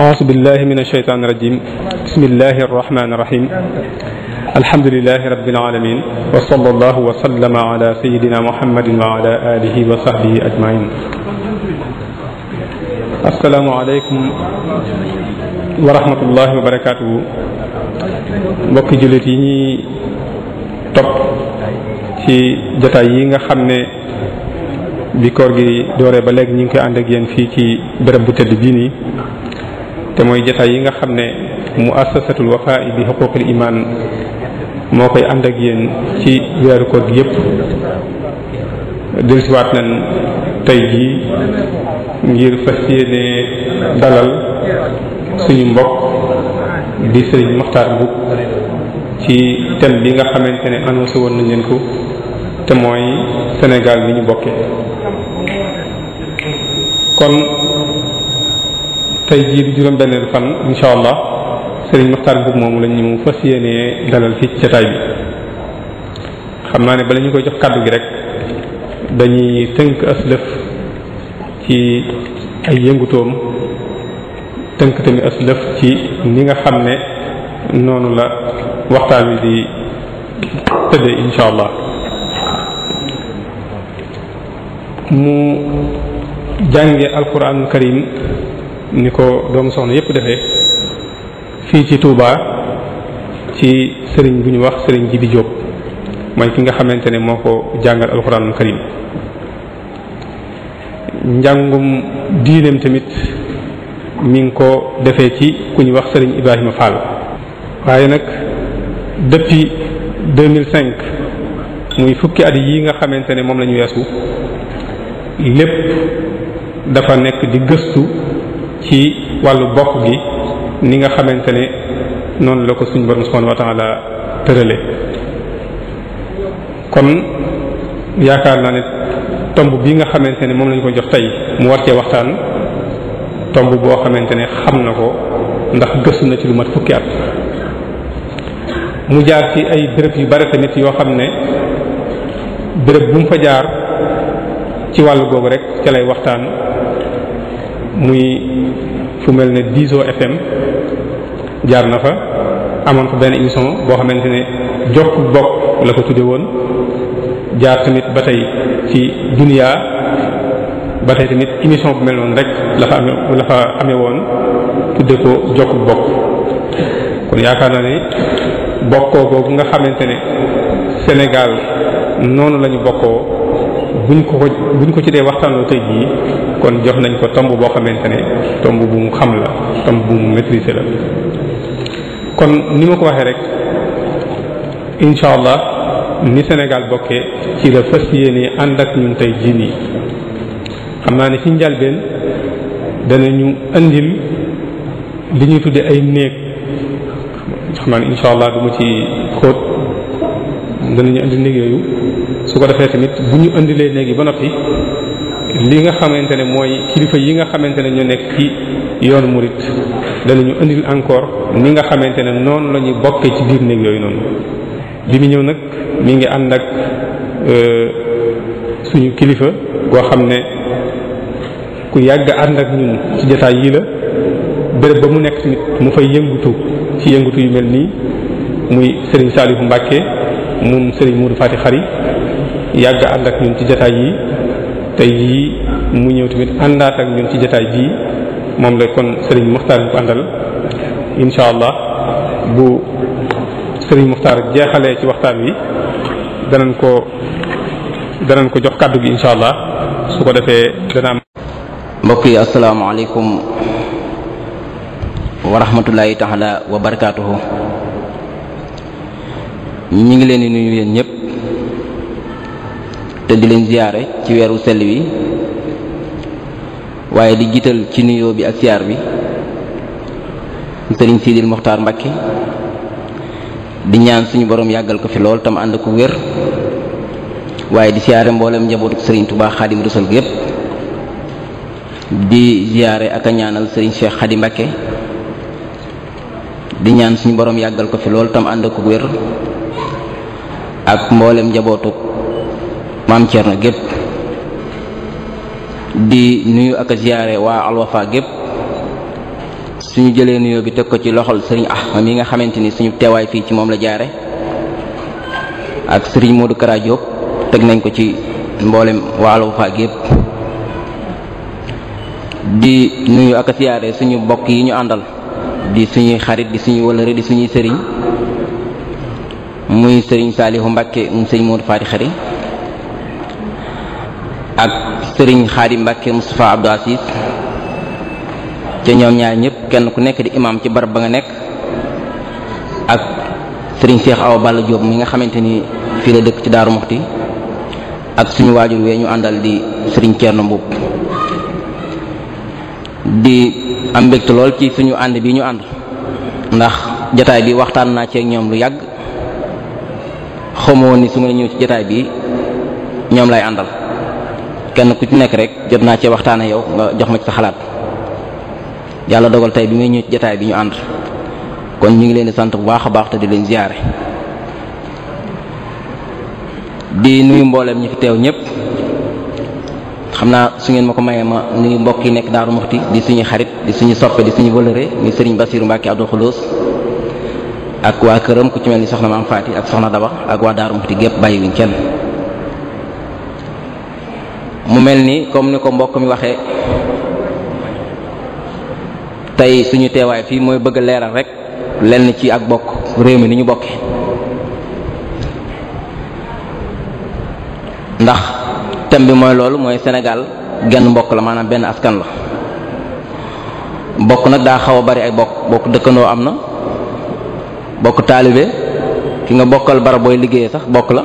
أعوذ بالله من الشيطان الرجيم بسم الله الرحمن الرحيم الحمد لله رب العالمين وصلى الله وسلم على سيدنا محمد وعلى آله وصحبه أجمعين السلام عليكم ورحمة الله وبركاته mbokki jullit yi ñuy topp ci jotaay yi nga xam ne bi koor gi dooree ba léegi ñu ngi koy ànd ak yéen fii ci béréb bu tëdd bii nii te mooy jataay yi nga xam ne mu assasatul wafa'i bi xuquqil iman moo koy ànd ak yéen ci weeru koor gi yépp dellusiwaat nañ tey jii ngir fas yéene dalal suñu mbokk di sëriñ Maxtaar Mbuub ci thème bi nga xamante ne annoncé woon nañ leen ko te mooy Sénégal bi ñu bokkee kon tey jii di juróom benneelu fan incha allah sëriñ Maxtaar Mbuub moomu la ñu fas dalal fii ci jotaay bi xam naa ne bala ñu koy jox kàddu gi rek dañuy tënk aslëf ci ay yëngutoom tënk tamit aslëf ci ni nga xam ne noonu la waxtaan wi bi tëddee incha allah mu jànge alquranul karim ni ko doomu soxna yépp defee fii ci Touba ci sëriñ bu ñu wax sëriñ Jibi Diop mooy ki nga xamante ne moo ko jàngal alxuraanul karim njàngum diineem tamit mi ngi ko defee ci ku ñu wax sëriñ Ibrahima Fall waaye nag depuis 2005 muy fukki at yi nga xamante ne moom la ñu lépp dafa nekk di gëstu ci wàllu bokk gi ni nga xamante ne noonu la ko suñu borom subhanahu wa ta'ala tërale kon yaakaar naa ne tomb bii nga xamante ne moom lañu ko jox tey mu war cee waxtaan tomb boo xamante ne xam na ko ndax gëstu na ci lu mat fukki at mu jaar ci ay béréb yu bari tamit yoo xam ne béréb bu mu fa jaar ci wàll googu rek ca lay waxtaan muy fu mel ne Diso FM jaar na fa amoon fa benn émission boo xamante ni jokk bokk ko tudde woon jaar tamit ba tey ci dunia ba tey émission bu mel rek la fa amee woon tudde ko bokk kon yaakaar naa ne bokkoo nga xamante ne Sénégal noonu lañu bokkoo buñ ko buñ ko ci dee waxtaanoo tey jii kon jox nañ ko tomb boo xamante ne tomb bu mu xam la tomb bu mu maîtriser la kon ni ma ko waxee rek incha ni Sénégal bokkee ci la fas yéene ànd ak ñun tey jii nii xam naa ni ci njalbeen danañu andil li ñuy tudde ay néeg xam naa ne incha du ma ci xóot danañu andi néeg yooyu su ko defee tamit bu ñu indilee néeg yi ba noppi li nga xamante ne mooy kilifa yi nga xamante ne ñoo nekk ci yoonu murit danañu indil encore ni nga xamante ne noonu la ñuy bokkee ci biir néeg yooyu noonu. bi mu ñëw nag mu ngi ànd ak euh, suñu kilifa goo xam ne ku yàgg ànd ak ñun ci jotaay yii la béréb ba mu nekk tamit mu fay yëngutu ci yëngutu yu mel nii muy Serigne Saliou Mbacke moom Serigne Modou Fati Xari yàgg ànd ak ñun ci jataay yi tey jii mu ñëw tamit àndaat ak ñun ci jataay bii moom la kon Serigne Muxtaar bi ko àndal incha allah bu Serigne Muxtaar jeexalee ci waxtaan wi danañ ko danañ ko jox kàddu gi incha allah su ko defee dana am mbokk yi asalaamaaleykum wa rahmatulahi taala wa barakaatuhu ngi leen di nuyu yéen ñëpp te di leen ziyaare ci weeru sell wi waaye di jiital ci nuyoo bi ak ziyaar bi sëriñ Sidil Moxtaar Mbakke di ñaan suñu borom yàggal ko fi lool tam ànd ko wér waaye di ziyaare mboolem njabootu sëriñ Touba Xaadim Rasul gépp di ziyaare ak a ñaanal sëriñ Cheikh suñu borom yàggal ko fi lool tam ànd ko wér ak mboolem njabootu maam Thierno gépp di nuyu ak waa alwafa gépp suñu jëlee nuyoo bi teg ko ci loxol sëriñ Ahma mi nga xamante ni suñu teewaay fii ci moom la jaare ak sëriñ Modou Kara Diop teg nañ ko ci mboolem waa alwafa gépp di nuyu ak suñu mbokk yi ñu àndal di suñuy xarit di suñuy wëlëre di suñuy sëriñ muy sëriñ Saalihu Mbàkke mu sëriñ Modou Fati Xari sëriñ xaadim mbàkke Moustapha Abdou Aziz ca ñoom ñaar ñëpp kenn ku nekk di imam ci barab ba nga nekk ak sëriñ Cheikh aw Balla Diop mi nga xamante ni fii la dëkk ci Daaru Muxti ak suñu waajur wee ñu àndal di sëriñ Thierno Mboup di am mbégte lool ci suñu ànd bi ñu ànd ndax jataay bi waxtaan naa ci ñoom lu yàgg xamoo ni su ma ñëw ci jataay bi ñoom lay àndal kenn ku ci nekk rek jot naa cee waxtaan yow nga jox ma ci sa xalaat yàlla dogal tey bi muy ñëw ci bi ñu ànd kon ñu ngi leen di sant bu baax a baax te di leen ziare. di nuyu mbooleem ñi fi teew ñëpp xam naa su ngeen ma ko mayee ma nuyu mbokk yi nekk Daaru Muxti di suñu xarit di suñu soppe di suñu wëlëre muy Serigne Bassirou Mbacke Abdou Khoudoss ak waa këram ku ci mel ni soxna Maam ak soxna Daba ak waa Daaru Muxti gépp bàyyiwuñ kenn. mu mel ni comme ni ko mbokk mi waxee tey suñu teewaay fii mooy bëgg leeral rek lenn ci ak bokk réew mi ni ñu bokke ndax thème bi mooy loolu mooy Sénégal genn mbokk la maanaam benn askan la bokk nag daa xaw a bari ay bokk bokk dëkkandoo am na bokk taalibe ki nga bokkal barab booy liggéeyee sax bokk la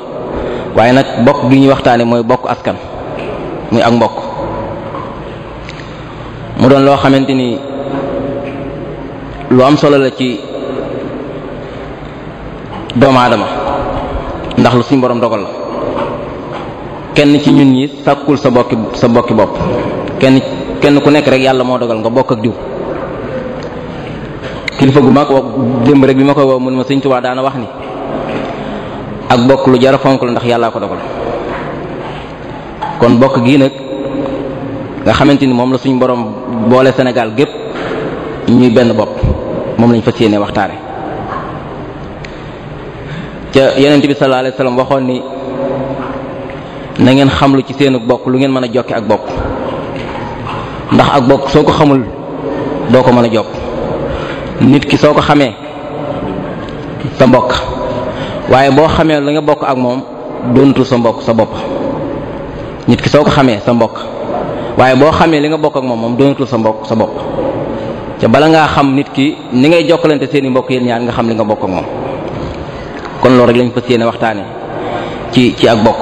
waaye nag bokk gi ñuy waxtaane mooy bokk askan muy ak mbokk mu doon loo xamante ni lu am solo la ci doomu aadama ndax lu suñ borom dogal la kenn ci ñun ñi sàkkul sa bokki sa bokki bopp kenn kenn ku nekk rek yàlla moo dogal nga bokk ak diw kilifa gu mag démb rek bi ma koy woo mun ma sëñ daana wax ni ak bokk lu jara fonk la ndax yàllaa ko dogal kon bokk gii nag nga xamante ni moom la suñu boroom boole Sénégal gépp ñuy benn bopp moom lañ fa yéene waxtaane ca yeneen bi sallallahu alayhi wasallam waxoon ni na ngeen xamlu ci seenu bokk lu ngeen mën a jokke ak bokk ndax ak bokk soo ko xamul doo ko mën a jokk nit ki soo ko xamee sa mbokk waaye boo xamee la nga bokk ak moom doontu sa mbokk sa bopp nit ki soo ko xamee sa mbokk waaye boo xamee li nga bokk ak moom moom doonatul sa mbokk sa bopp te bala ngaa xam nit ki ni ngay jokkalante seeni mbokk yéen ñaar nga xam li nga bokk ak moom kon lool rek lañ fas yéene waxtaane ci ci ak bokk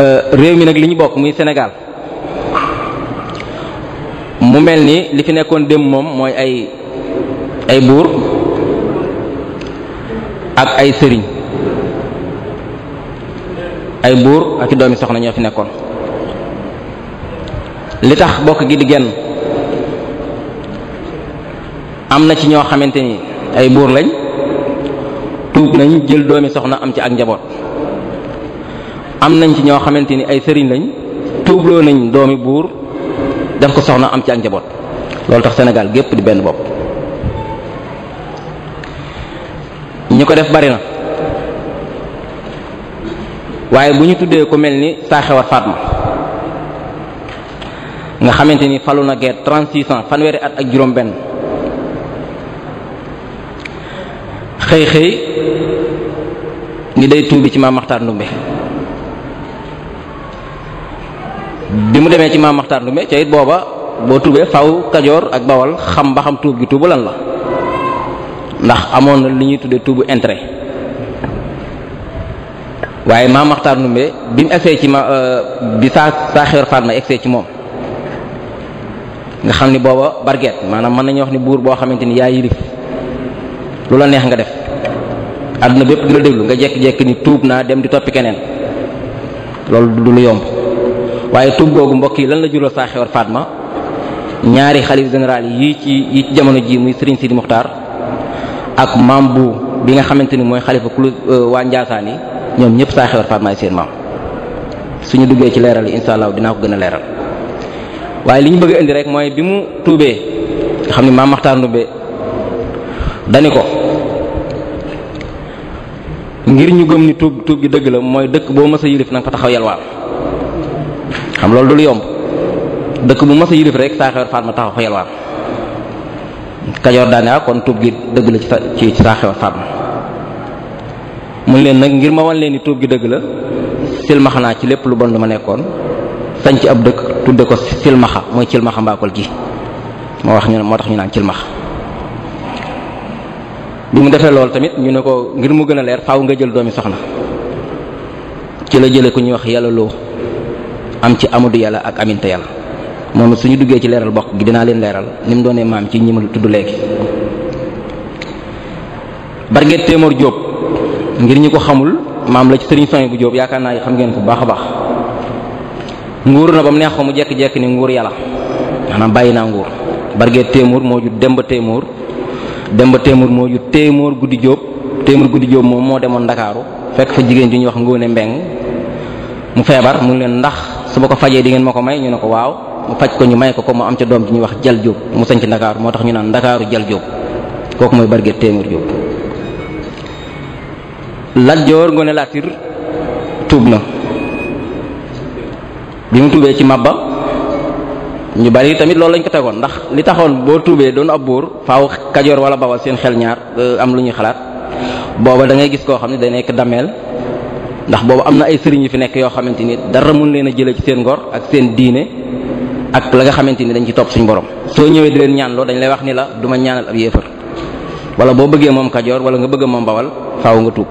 euh, réew mi nag li ñu bokk muy Sénégal mu mel ni li fi nekkoon démb moom mooy ay ay buur ak ay sëriñ ay buur ak i doomi soxna ñoo fi nekkoon li tax bokk gi di genn am na ci ñoo xamante ni ay buur lañ tuub nañ jël doomi soxna am ci ak njaboot am nañ ci ñoo xamante ni ay sëriñ lañ tuubloo nañ doomi buur def ko soxna am ci ak njaboot loolu tax Sénégal gépp di benn bopp ñu ko def bari na waaye bu ñu tuddee ko mel ni saaxewar Fatma nga xamante ni falu na guerre 36 ans fanweeri at ak juróom-benn xëy xëy ni day tuubi ci maam Maxtaar Ndumbe bi mu demee ci maam Maxtaar Ndumbe ca it booba boo tuubee faw Kajoor ak bawal xam ba xam tuub gi tuubu lan la ndax amoon na li ñuy tuddee tuubu intérêt. waaye maam Maxtaar Ndumbe bi mu egsee ci ma euh, bi saa saa xewar faat ma egsee ci moom nga xam ni booba barget maanaam mën nañu wax ni buur boo xamante ni yaa yilif lu la neex nga def àdduna bépp di la déglu nga jekki-jekki ni tuub naa dem di toppi keneen loolu du lu yomb waaye tuub googu mbokk yi lan la jural saa xewar faat ma ñaari xalif général yi ci yi ci jamono ji muy Serigne Sidi Muxtaar ak maam bu bi nga xamante ni mooy xalifa kulu euh, waa Njaasaan yi ñoom ñëpp saa xewar Faat maay seen maam suñu duggee ci leeral yi incha allah dinaa ko gën a leeral waaye li ñu bëgg indi rek mooy bi mu tuubee xam ne maam Maxtaar Ndumbe dani ko ngir ñu gëm ni tuub tuub gi dëgg la mooy dëkk boo mës a yilif nanga fa taxaw yalwaan xam loolu du lu yomb dëkk bu mës a yilif rek saa xewar Faat ma taxaw fa yalwaan Kajoor daane ah, kon tuub gi dëgg la ci ci Faat ma mun leen nag ngir ma wan leen ni tuub gi dëgg la silmaxa naa ci lépp lu bon lu ma nekkoon sanc ab dëkk tudde ko silmaxa mooy cilmaxa mbaakol gi moo wax ñu ne moo tax ñu naan cilmaxa bi mu defee loolu tamit ñu ne ko ngir mu gën a leer faaw nga jël doomi soxna ci la jële ku ñuy wax yàlla loo am ci amadu yàlla ak aminte yàlla moom suñu duggee ci leeral bokk gi dinaa leen leeral ni mu doonee maam ci ñi ma tudd léegi barget téemoor jóob ngir ñi ko xamul maam la ci sëriñ soñ bu jóob yaakaar naa xam ngeen ko baax a baax nguur na ba mu neex ko mu jekk-jekk ni nguur yàlla maanaam bàyyi naa nguur bargee téemoor moo ju demba téemoor demba téemoor moo ju téemoor guddi jóob téemoor guddi jóob moom moo demoon ndakaaru fekk fa jigéen ju ñuy wax ngóone mbeng mu feebar mu leen ndax su ma ko fajee di ngeen ma ko may ñu ne ko waaw mu faj ko ñu may ko ko mu am ca doom ji ñuy wax jal jóob mu sañ ci ndakaaru moo tax ñu naan ndakaaru jal jóob kooku mooy bargee téemoor jóob Lat Joor Ngoone Latiir tuub na bi mu tuubee ci Mabba ñu bari tamit loolu lañ ko tegoon ndax li taxoon boo tuubee doon ab buur faaw Kajoor wala Bawol seen xel ñaar euh, am lu ñuy xalaat booba da ngay gis koo xam ne day nekk dameel ndax boobu am na ay sëriñ yu fi nekk yoo xamante ni dara mun leen a jëlee ci seen ngor ak seen diine ak la nga xamante ni dañ ci topp suñu borom soo ñëwee di leen ñaanloo dañ lay wax ni la duma ñaanal ab yéefar wala boo bëggee moom Kajoor wala nga bëgg moom Bawol faaw nga tuub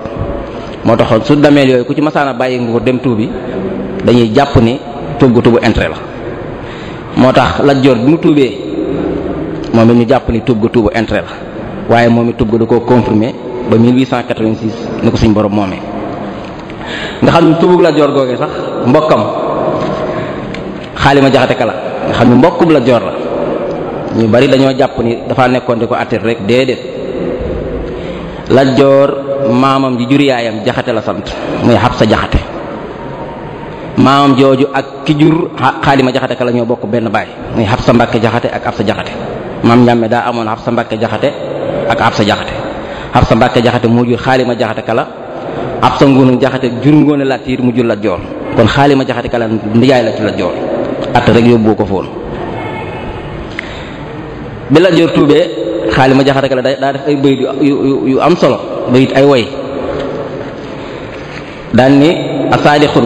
moo taxoon su dameel yooyu ku ci masaana bàyyi nguur dem tuubi dañuy jàpp ni tuub gu tuubu intérêt la moo tax Lat Joor bi mu tuubee moom it ñu jàpp ni tuub gu tuubu intérêt la waaye moom it tuub gu da koo confirmé ba 1886 ni ko suñ borom moomee nga xam ne tuubug Lat Joor googee sax mbokkam ma jaxate kala nga xam ne mbokkub Lat Joor la ñu bari dañoo jàpp ni dafa nekkoon di ko attir rek déedéet Lat maamam ji jur yaayam jaxate la sant muy sa jaxate maamam jooju ak ki jur xaalima jaxate ka la ñoo bokk benn baay muy sa Mbàkke jaxate ak Absa jaxate maam Njàmme daa amoon Xabsa Mbàkke jaxate ak Absa jaxate Xabsa Mbàkke jaxate moo jur xaalima jaxate kala la Absa Ngunu jaxate jur Ngoone tiir mu jur Lat Joor kon xaalima jaxate ka la ndijaay la ci Lat Joor at rek yóbbu ko foon bi Lat tuubee xaalima jaxate ka la daa def ay bëy yu am solo bayit ay woy daal ni asaadixun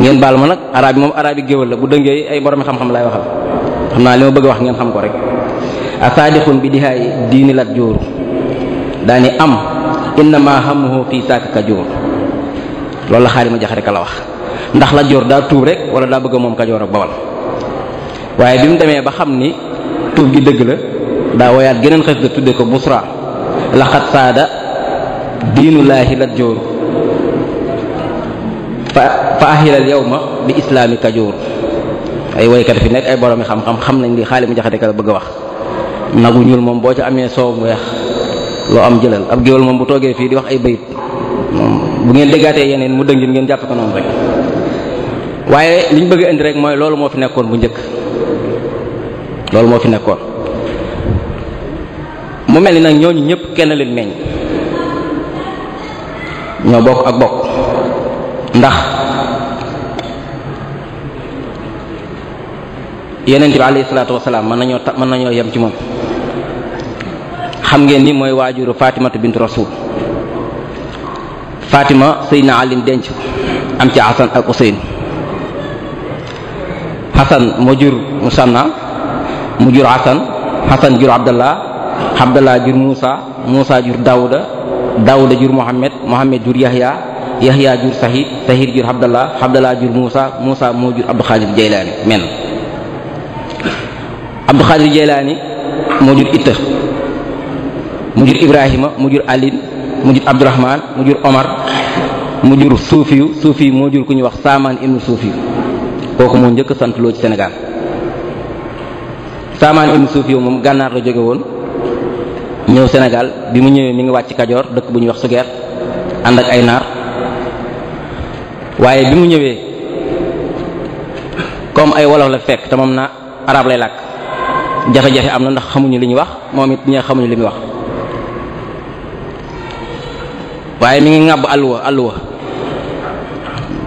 ngeen baal ma nag arab yi moom arab yi géwal la bu dëngee ay boromi xam-xam laay waxal xam naa li ma bëgg a wax ngeen xam ko rek asaadixun bi dihaay diini lat jooru daa ni am innama ma fii saakaka joor loolu la xaarima ndax la daa tuub rek wala daa bëgg moom kajoor ak bawal xam ni tuub gi dëgg la daa woyaat geneen xës da tudde ko busra laqad saada diinulaahi Lat Joor fa fa ahilal yawma bi islaami Kajoor ay woykat fi nekk ay boromi xam-xam xam nañ li xaalis mu jaxate ka la bëgg a wax nagu ñuul moom boo ci amee soow mu weex loo am jëlal ab géwél moom bu toogee fii di wax ay bayit bu ngeen déggaatee yeneen mu dëngin ngeen jàpp ko noonu rek waaye liñ bëgg indi rek mooy loolu moo fi nekkoon bu njëkk loolu moo fi nekkoon mu mel ni nag ñooñu ñëpp kenn leen meññ ñoo bokk ak bokk ndax yeneen bi alayhi salaatu wasalaam mën nañoo mën nañoo yem ci moom xam ngeen ni mooy waajuru fatimatu bintu rasul fatima seydna ali denc am ci hasan ak useyn hasan moo jur musanna mu jur hasan hasan jur abdallah abdallah jur muusa muusa jur daawuda daawuda jur muhammad muhammad jur yahya yahya jur sahid sahid jur abdallah abdallah jur muusa muusa moo jur abdul xaadir jaylaani men abdul xaadir jaylaani moo jur itta mu jur ibrahima mu jur alin mu jur abdurahmaan mu jur omar mu jur suufiyu suufiyu moo jur ku ñuy wax saamaan ibnu suufiyu kooku moo njëkk santloo ci senegal saamaan ibnu suufiyu moom gànnaar la jóge woon ñëw senegal bi mu ñëwee mi ngi wàcc Kajoor dëkk bu ñuy wax Sugeer ànd ak ay naar waaye bi mu ñëwee comme ay wolof la fekk te moom na arab lay làkk jafe-jafe am na ndax xamuñu li ñuy wax moom it ñee xamuñu li muy wax waaye mi ngi ŋàbb àlluwa àlluwa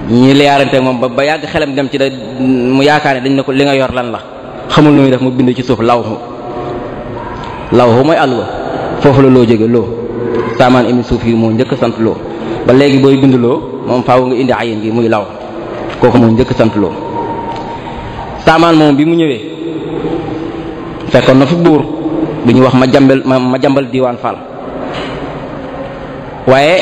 ñi liyaarante moom ba ba yàgg xelam dem ci da mu yaakaar ne dañ ne ko li nga yor lan la xamul nu muy def mu bind ci suuf law lawhu mooy àlluwa foofu la loo jóge loo saamaan suuf yi moo njëkk sant ba léegi booy bind moom faw nga indi ayin gi muy law kooku moo njëkk sant loo saamaan moom bi mu ñëwee fekkoon na fi buur bu ñu wax ma jambal ma jambal diwaan Fall waaye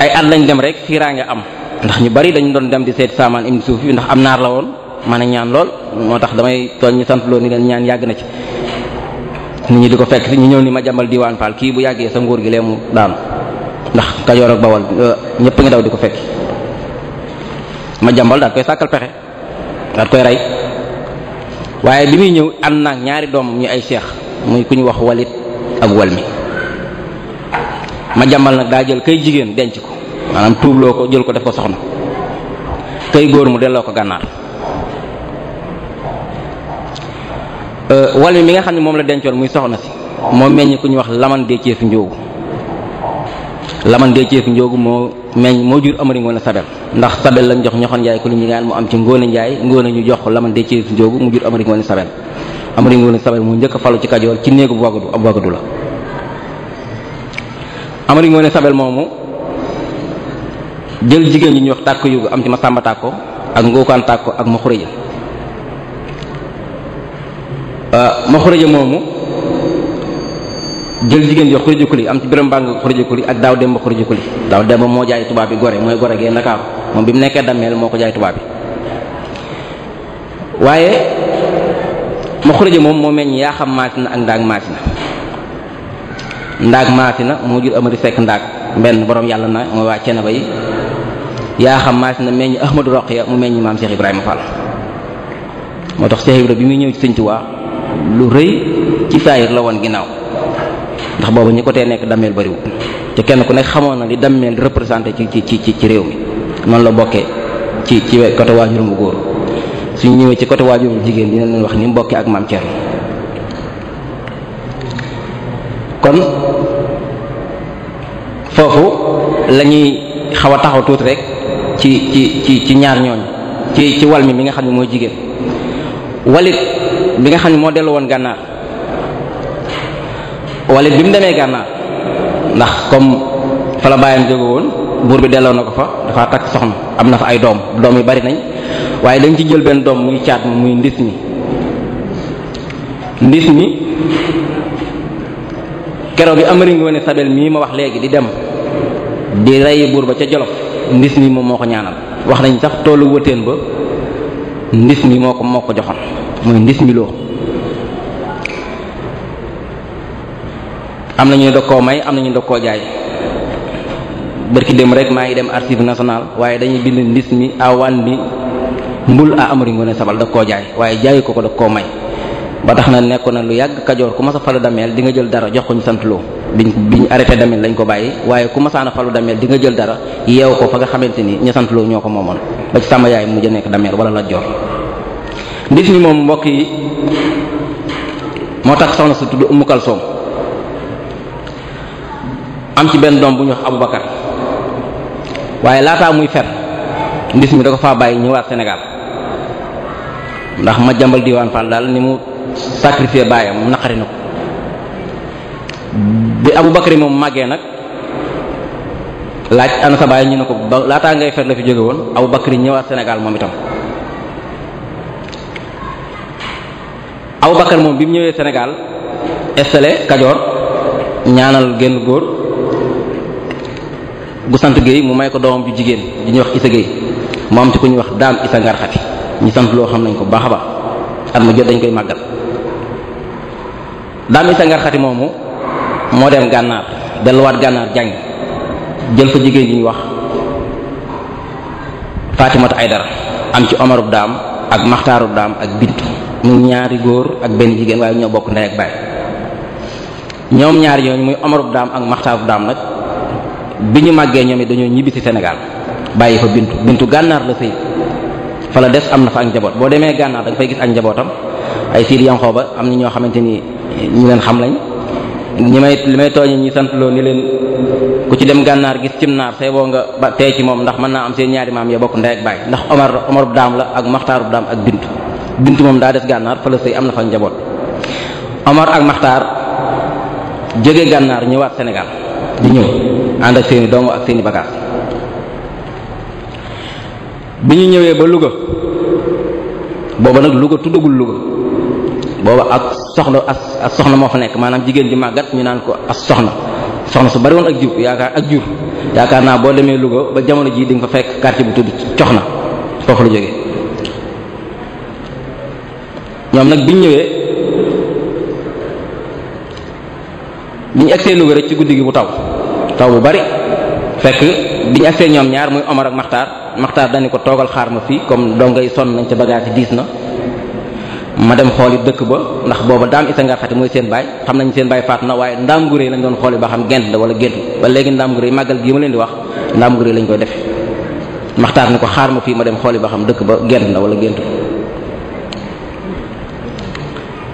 ay at lañ dem rek fiiraa ngi am ndax ñu bari dañu doon dem di seet saamaan suuf yi ndax am naar la woon man a ñaan lool moo tax damay tooñ ñi sant loo ni leen ñaan yàgg na ci nit ñi di ko fekk ñu ñëw ni ma jàmbal diwaan faal kii bu yàggee sa nguur gi lee mu daanu ndax Kajoor ak Bawol euh, ñëpp ngi daw di ko fekk ma jàmbal daal koy sàkkal pexe daal koy rey waaye bi muy ñëw am na ñaari doom ñu ay seex muy ku ñu wax walit ak wal mi ma jàmbal nag daa jël kay jigéen denc ko maanaam tuubloo ko jël ko def ko soxna kay góor mu delloo ko gànnaar Euh, wal mi mi nga xam ne moom la dencoon muy soxna si moo meññ ku ñuy wax laman deeceesu njóogu laman deeceesu njóogu moo meññ moo jur amari ngoon sabel ndax sabel lañ jox ñoxon njaay ku ñu ñaan mu am njaay ngóone ñu jox laman deeceesu njóogu mu jur amari ngoon a sabel amari ngoon a sabel mu njëkk a falu ci kajoor ci néegu wagadu ab wagadu la amari ngoon sabel moomu jël jigéen ñi ñuy wax tàkk yugu am ci ma sàmba tàkko ak ngookaan tàkko ak ma xurija Euh, ma xuraja moomu jël jigéen ji wax xuraja kuli am ci biram mbàng xuraja kuli ak daaw demba xuraja kuli daaw demba moo jaay tubaab bi gore mooy gore gee ndakaaru moom bi mu nekkee dammeel moo ko jaay tubaab bi waaye ma xuraja moom moo meññ yaa xam maati na ak ndaag maati na ndaag maati na moo jur amari sekk ndaag benn borom yàlla na mooy waa cene ba yi yaa xam maati na meññ ahmadu roqiya mu meññ maam Cheikh Ibrahima Fall moo tax Cheikh Ibrahima lu rëy ci taayir la woon ginnaaw ndax boobu ñi ko tee nekk dammeel bariwul te kenn ku nekk xamoon na li dammeel représenté ci ci ci ci réew mi noonu la bokkee ci ci côté waajur bu góor suñ ñëwee ci côté waajur bu jigéen dina leen wax ni mu ak maam Thierno kon foofu lañuy ñuy xaw a taxaw tuuti rek ci ci ci ci ñaar ñooñ ci ci wal mi mi nga xam ne mooy jigéen walit bi nga xam ne moo dellu woon gànnaar walla bi mu demee gànnaar ndax comme fa la bàyyam jóge woon buur bi delloo na ko fa dafa takk soxna am na fa ay doom doom yu bari nañ waaye dañ ci jël benn doom muy caat mi muy ndis mi ndis mi keroog bi amari ngoone sabel mii ma wax léegi di dem di rey buur ba ca jolof ndis mi moom moo ko ñaanal wax nañ sax toolu wëteen ba ndis mi moo ko moo ko joxoon mooy ndismiloo am na ñu ne da koo may am na ñu ne da koo jaay bërki dem rek maa ngi dem archive national waaye dañuy bind ndis mi awan bi mbul a amari ngone sabal da koo jaay waaye jaayu ko ko da koo may ba tax na nekkoon na lu yàgg kajoor ku masa falu dameel di nga jël dara jox ko ñu sant loo biñ biñ arrêté dameel lañ ko bàyyi waaye ku masaana falu dameel di nga jël dara yeew ko fa nga xamante ni ñu sant ñoo ko moomoon ba ci sama yaay mu mujj nekk dameel wala la joor ndif ñi moom mbokk yi moo tax soxna su tudd Ummu Kalsoom am ci benn doom bu ñu wax Abubakar waaye laataa muy fer ndif mi da ko faa bàyyi ñëwaat Sénégal ndax ma jàmbal diwaan fan daal ni mu sacrifier baayam mu naqari na ko bi Abubakar yi moom màggee nag laaj na sa baay ñu ne ko ba laataa ngay fer la fi jóge woon Abubakar yi ñëwaat Sénégal moom itam Bakar moom bi mu ñëwee Sénégal installé Kajoor ñaanal génn góor gu sant Guèye mu may ko doomam ju jigéen di ñuy wax Issa Guèye mu am ci ku ñuy wax daam Issa Ngarxati ñu sant loo xam nañ ko baax a baax at ma jot dañ koy màggal daam Issa Ngarxati moomu moo dem gànnaar delluwaat gànnaar jàng jël fa jigéen ji ñuy wax Fatimata Aydara am ci Omarub daam ak Maxtaarub daam ak Bintu muy ñaari góor ak benn jigéen waaye ñoo bokk ndey ak baay ñoom ñaari yooyu muy Omarub Daam ak Maxtaarub Daam nag bi ñu màggee ñoom it dañoo ñibbisi Sénégal bàyyi fa Bintu Bintu gànnaar la sëy fa la am na fa njaboot boo demee gànnaar da nga gis ak njabootam ay siid yanxooba am na ñoo xamante ni ñu xam lañ ñi may li may tooñi ñi sant loo ni leen ci dem gànnaar gis cim naar say boo nga ba moom ndax mën naa am seen ñaari maam ya bokk ndey ak baay ndax Omar Omarub Daam la ak Maxtaarub Daam ak Bintu bintu moom daa des gànnaar fa la sëy am na fa njaboot Omar ak Maxtaar jóge gànnaar ñëwaat Sénégal di ñëw ànd ak seeni doom ak seeni bagaas bi ñu ñëwee ba Louga booba nag Louga tuddagul luga booba ak soxna ak soxna moo fa nekk maanaam jigéen ju màggat ñu naan ko ak soxna soxna su bari woon ak jur yaakaar ak jur yaakaar naa boo demee Louga ba jamono jii di nga fa fekk quartier bu tudd cox na foofu la jógee ñoom nag bi biñ ñëwee biñ agsee Louga rek ci guddi gi bu taw taw bu bari fekk biñ agsee ñoom ñaar muy Omar ak Maxtaar Maxtaar dañu ko toogal xaar ma fii comme dongay sonn nañ ca bagage yi diis na ma dem xooli dëkk ba ndax booba daam isa xati mooy seen baay xam nañ seen baay faat na waaye ndaam guré yi lañ doon xooli ba xam gent la wala géntu ba léegi ndaam guré yi màggal gii ma leen di wax ndaam guré lañ koy def Maxtaar ni ko xaar ma fii ma dem xooli ba xam dëkk ba gent la wala géntu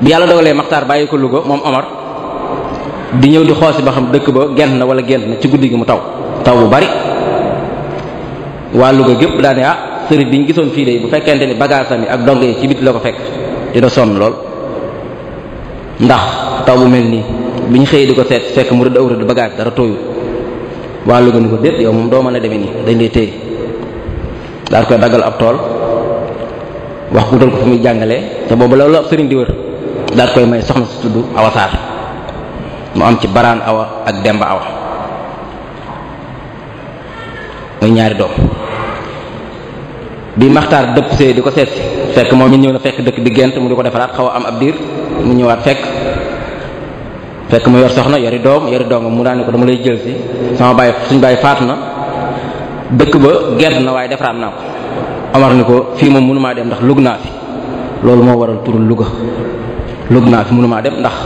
bi yàlla dogalee maxtaar bàyyi ko Louga moom Omar di ñëw di xoosi ba xam dëkk ba gent na wala gent na ci guddi gi mu taw taw bu bari waa Louga gépp daa ne ah sëriñ bi ñu gisoon fii de bu fekkente ni bagaasam yi ak dong yi ci biti la ko fekk dina sonn lool ndax taw bu mel nii bi ñu xëyee di ko seet fekk mu rëdd aw rëdd bagage dara tooyul waa Louga ni ko déet yow moom doo mën a demee nii dañ lay téye daal koy daggal ab tool wax guddal ko fu muy daal koy may soxna su tudd Awa mu am ci baraan awa ak Demba Awa muy ñaari doom bi Maxtaar dëpp see di ko seet si fekk moom ñu ñëw na fekk dëkk bi gent mu di ko defaraat xaw am ab diir mu ñëwaat fekk fekk mu yor soxna yori doom yori doom mu daan ko dama lay jël si sama baay suñ baay faatu na dëkk ba gedd na waaye defaraat naa ko Omar ni ko fii moom mënumaa dem ndax lug naa fi loolu moo waral turu Louga lóbb naa fi mënumaa dem ndax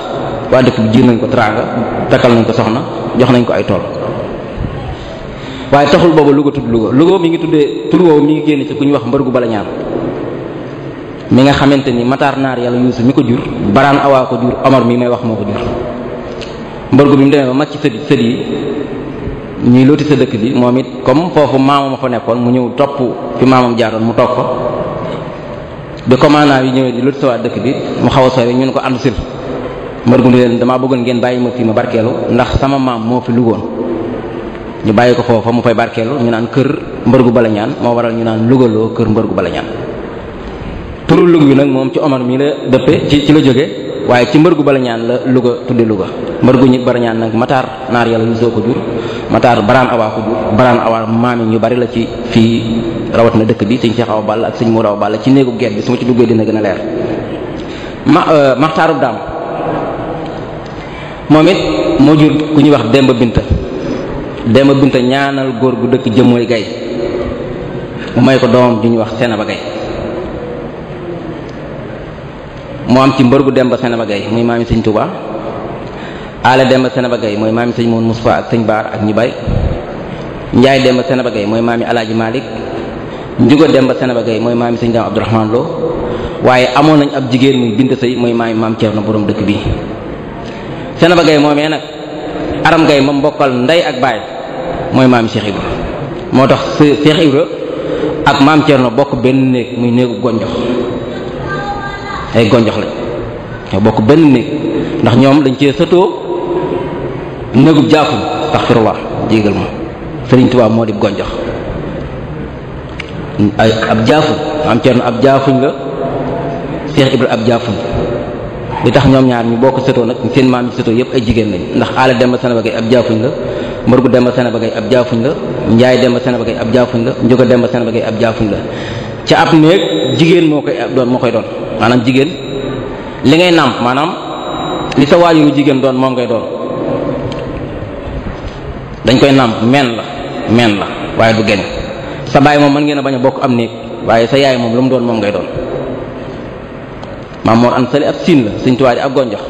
waa dëkk bi jiir nañ ko teraanga takkal nañ ko soxna jox nañ ko ay tool waaye taxul boobu Louga tudd Louga Louga mi ngi tuddee tur woowu mi ngi génn ci ku ñuy wax mbërgu bala ñaan mi nga xamante ni mataar naar yàlla yuusu mi ko jur baraan awaa ko jur omar mi may wax moo ko jur mbërgu bi mu demee ba mag ci sët sët yi ñuy looti sa dëkk bi moom it comme foofu maamam a fa nekkoon mu ñëw topp fi maamam jaaroon mu toog ko bi commandant yi ñëwee di lotissé dëkk bi mu xaw a sori ñun ko ànd sil mbër mu leen damaa bëggoon ngeen bàyyi ma fii ma barkeelu ndax sama maam moo fi lugoon ñu bàyyi ko foofa mu fay barkeelu ñu naan kër mbër gu bala ñaan moo waral ñu naan lugaloo kër mbër gu bala ñaan turu lug bi nag moom ci Omar mii la dëppe ci ci la jógee waaye ci mbërgu bala ñaan la Louga tudde Louga mbërgu ñu bariñaan nag Matar naar yàlla yusoo ko jur Matar baraan awaa ko jur baraan awaa maami ñu bari la ci fii rawat na dëkk bi sëñ Cheikh Awa Balla ak sëñ Mouraw Balla ci néegub geer bi su ma ci duggee dina gën a leer ma euh, maxtaarub daam moom it moo jur ku ñuy wax Demba Binta Demba Binta ñaanal góor gu dëkk jëmmooy gay mu may ko doomam ju ñuy wax Seenaba Gay moo am ci mbër gu Demba Senaba Gaye muy maami sëñ Touba Ala Demba ba Gaye mooy maami sëñ Moon Mustafa ak sëñ Baar ak ñu bay Njaay Demba Senaba Gaye mooy maami Alaaji Malik Njugo Demba Senaba Gaye mooy maami sëñ Daam Abdourahman waaye amoon nañ ab jigéen muy bind Sëy mooy maami maam na boroom dëkk bi Senaba Gaye moomee nag Aram Gaye ma mbokkal ndey ak baay mooy maami Cheikh Ibra moo tax Cheikh Ibra ak maam Ceerno bokk benn néeg muy néegu gonjox ay gonjox lañ ñoo bokk benn néeg ndax ñoom dañ cee sëtoo néegub jaakum taxfirullah jégal ma sëriñ Tuubaa moo di gonjox ab jaafuñ am ceerno ab jaafuñ la Cheikh Ibra ab jaafuñ li tax ñoom ñaar ñu bokk sëtoo nag seen maam yi sëtoo yëpp jigéen lañ ndax aala demba sana bagay ab jaafuñ la mbargu demba sana bagay ab jaafuñ la njaay demba sana bagay ab jaafuñ la njuga demba sana bagay ab jaafuñ la ca ab jigéen moo koy doon moo koy doon maanaam jigéen li ngay nàmp maanaam li sa waajuru jigéen doon moom ngay doon dañ koy nàmp men la men la waaye du geñ sa baay moom mën ngeen bañ a bokk am néeg waaye sa yaay moom lu mu doon moom ngay doon maam moor an sali ab siin la sëñ Tuubaa di ab gonjax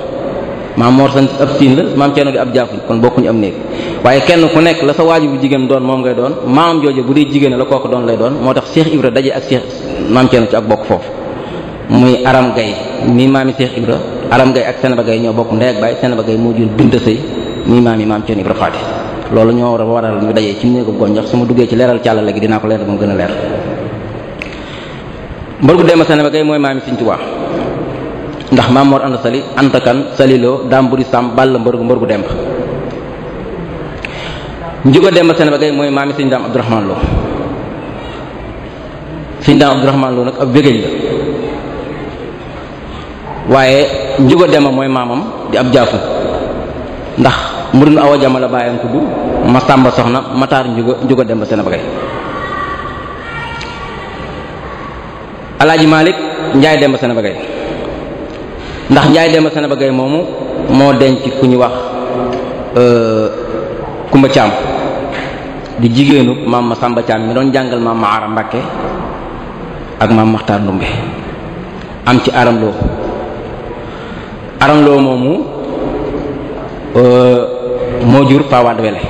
maam moor san ab siin la maam Ceerno di ab jaafuñ kon bokkuñu am néeg waaye kenn ku nekk la sa waajur bu jigéen doon ngay doon maam jooje bu dee jigéen la kooku doon lay doon moo tax Cheikh Ibra daje ak Cheikh maam Ceerno ci ak bokk foofu muy aram gay mi maami Cheikh Ibra aram gay ak Senaba gay ñoo bokk ndey ak baay Senaba gay moo jur a Sëy mi maami maam Cheikh Ibra Faati loolu ñoo war a waral ñu dajee ci néegu gonjox su ma duggee ci leeral càlla léegi dinaa ko leeral moom gën a leer mbërgu dem Senaba gay mooy maami Sëriñ Tuubaa ndax maam Mor Anta Sali Anta Kan Saliloo Damburi Sam Balla mbërgu mbërgu demb njugo demb gay mooy maami Sëriñ Daam Abdourahmane Lo nag ab wégéñ la waaye njugo dema mooy maamam di ab jaafu ndax mu murun awa jama la bàyyam tudd ma sàmba soxna mataar njugo njugo demba seen ab rey alaaji malik njaay demba seen ab ndax njaay demba seen ab rey moomu moo denc ku ñu wax euh, kumba caam di jigéenu maam ma sàmba caam mi doon jàngal maam ma aara mbàkke ak maam maxtaar ndumbe am ci aram loo aram loo moomu euh, moo jur Fawad Wele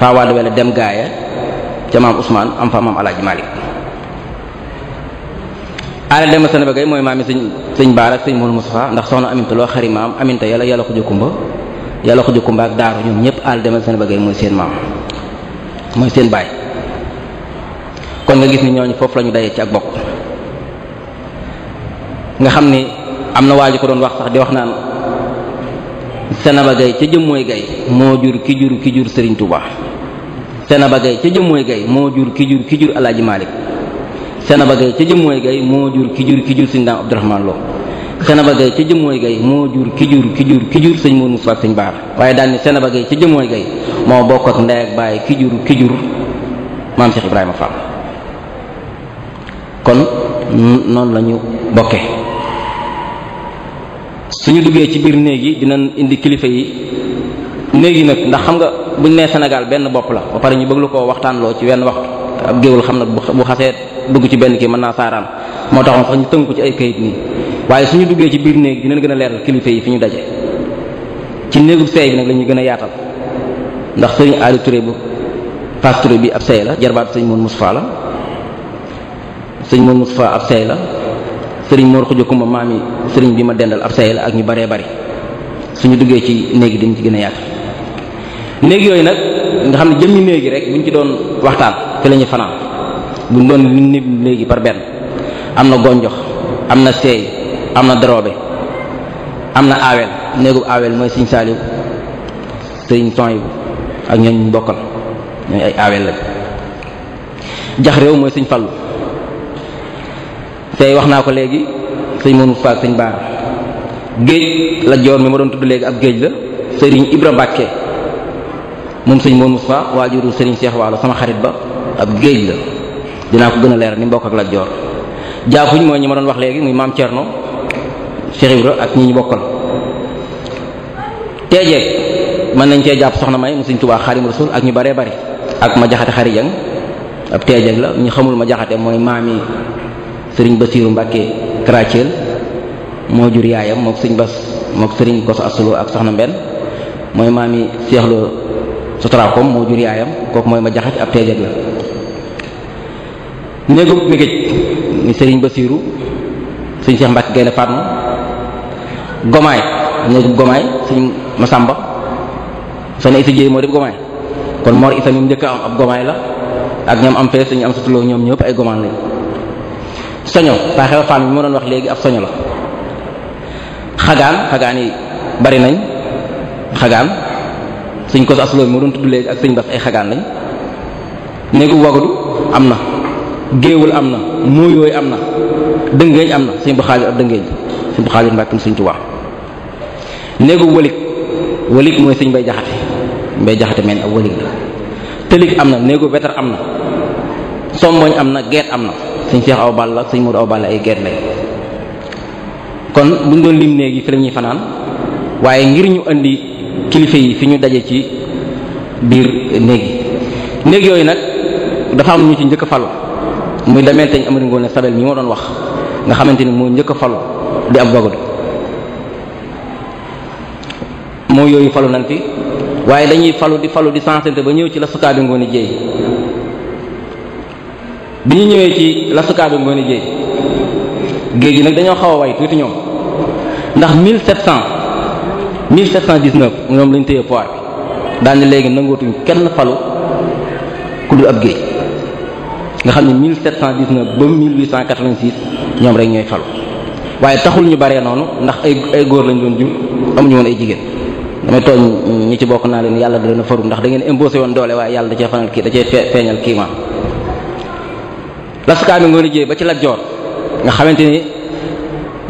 Fawad Wele dem gaaya ca maam Ousmane am fa maam Alaaji Malik aala dem sana bagay mooy maam yi sëñ sëñ Baara ak sëñ Mouhamadou Moustapha ndax soxna Aminta loo xari maam Aminta yàlla yàlla ko jokkumba yàlla ko jokkumba ak daaru ñoom ñëpp aala dem sana bagay mooy seen maam mooy seen baay kon nga gis ni ñooñu foofu la ñu dayee ci ak bokk nga xam ni am na waa ji ko doon wax sax di wax naan Senaba Gay ca jëm mooy gay moo jur ki jur ki jur Serigne Touba Senaba Gay ca jëm mooy gay moo jur ki jur ki jur Alaaji Malick Senaba Gay ca jëm mooy gay moo jur ki jur ki jur Serigne Dame Gay ca jëm mooy gay moo jur ki jur ki jur ki jur Serigne Mourou Baar waaye daal ni Senaba Gay ca jëm mooy gay moo bokk ak ndey ak baay ki jur ki jur maam Cheikh Ibrahima Fall kon noonu la ñu suñu duggee ci biir néeg yi dinañ indi kilifa yi néeg nag ndax xam nga buñ nee Sénégal benn bopp la ba pare ñu bëgg lu koo waxtaanloo ci wenn waxtu ab géwul xam na bu xasee dugg ci benn kii mën naa saaraan moo taxoon sax ñu tënk ko ci ay kayit nii waaye suñu duggee ci biir néeg dinañ gën a leeral kilifa yi fi ñu daje ci néegu seey bi nag lañuy gën a yaatal ndax sëriñ Aliou Touré bu Passe bi ab seey la jarbaat sëñ Moon Moustapha la sëñ Moon Moustapha ab seey la sëriñ Mor Khoudia Koumba maam yi sëriñ bi ma dendal ab la ak ñu baree bari suñu duggee ci néegi dañ ci gën a yaatu néeg yooyu nag nga xam ne jëmmi néegi rek buñ ci doon waxtaan fi lañuy ñuy fanaan buñ doon nit léegi par benn am na gonjox am na seey am na doroobe am na awel néegu awel mooy siñ saaliw sëriñ Soyibu ak ñooñ bokkal ñooñ ay awel lañ jax réew mooy siñ fallu tey wax naa ko léegi sëñ Mounou Fall sëñ Baara géej la joor mi ma doon tudd léegi ab géej la sëriñ Ibra mën sañ sëñ Mounou Fall waajuru sëriñ Cheikh Waalo sama xarit ba ab géej la dinaa ko gën a leer ni mbokk ak la joor jaafuñ mooy ñi ma doon wax léegi muy maam Thierno Cheikh Ibra ak ñi ñu bokkal teejeeg mën nañ cee jàpp soxna May mu sëñ Tuubaa Xaadimu Rasuul ak ñu baree bari ak ma jaxate xari jang ab teejeeg la ñu xamul ma jaxate mooy ma yi sëriñ Basiiru Mbàkke Karaaceel moo jur yaayam mook sëñ Bas mook sëriñ Koso Asulu ak soxna Mbenn mooy maami seexloo sotraakom moo jur yaayam kooku mooy ma jaxat ab teejag la néegub mi géej ni sëriñ Basiiru sëñ Seex Mbàkke Gaynde Fatma gomaay néegub gomaay sëñ Masamba soxna Isa moo dem gomaay kon Mor Isa mi njëkk am ab gomaay la ak ñoom am fee suñu am sutuloo ñoom ñëpp ay gomaan lañ soño waa xew faam bi ma doon wax léegi ab soño la xagaan xagaan yi bari nañ xagaan suñ ko asloo moo doon tudd léegi ak sëñ bas ay xagaan lañ néegu wagadu am na géewul am na muuyooyu am na dëngéej am na suñ bu xaajir ab dëngéej suñ bu xaajir mbàkkum suñ tubaa néegu wëlig wëlig mooy suñ bay jaxate mbay jaxate mel ni ab wëlig la tëlig am na néegu wetar am na somboñ am na geet am na sëñ Cheikh Awa Balla ak sëñ Mourou Awa Balla ay geet lañ kon buñ doon lim néegi fi la ñuy fanaan waaye ngir ñu indi kilifa yi fi ñu dajee ci biir néeg néegi néeg yooyu nag dafa am ñu ci njëkk a falu muy demeel teñ amari ngoone sabel mi ma doon wax nga xamante ni moo njëkk a falu di ab wagadu moo yooyu falu nañ waaye dañuy falu di falu di sansante ba ñëw ci la sukaabi ngoone jéey bi ñu ñëwee ci lasukaa bi ngoone jéey géej gi nag dañoo xaw a way tuuti ñoom ndax 1700 1719 ñoom lañ téye poids bi daal ne léegi nangootuñ kenn falu ku dul ab géej nga xam ne 1719 ba 1886 ñoom rek ñooy falu waaye taxul ñu baree noonu ndax ay ay góor lañ doon ju amuñu woon ay jigéen damay tooñ ñi ci bokk naa leen yàlla da leen a faru ndax da ngeen imposé doole waaye yàlla da cee feeñal kiimaan laskaami ngoon a jéey ba ci Lat Joor nga xamante ni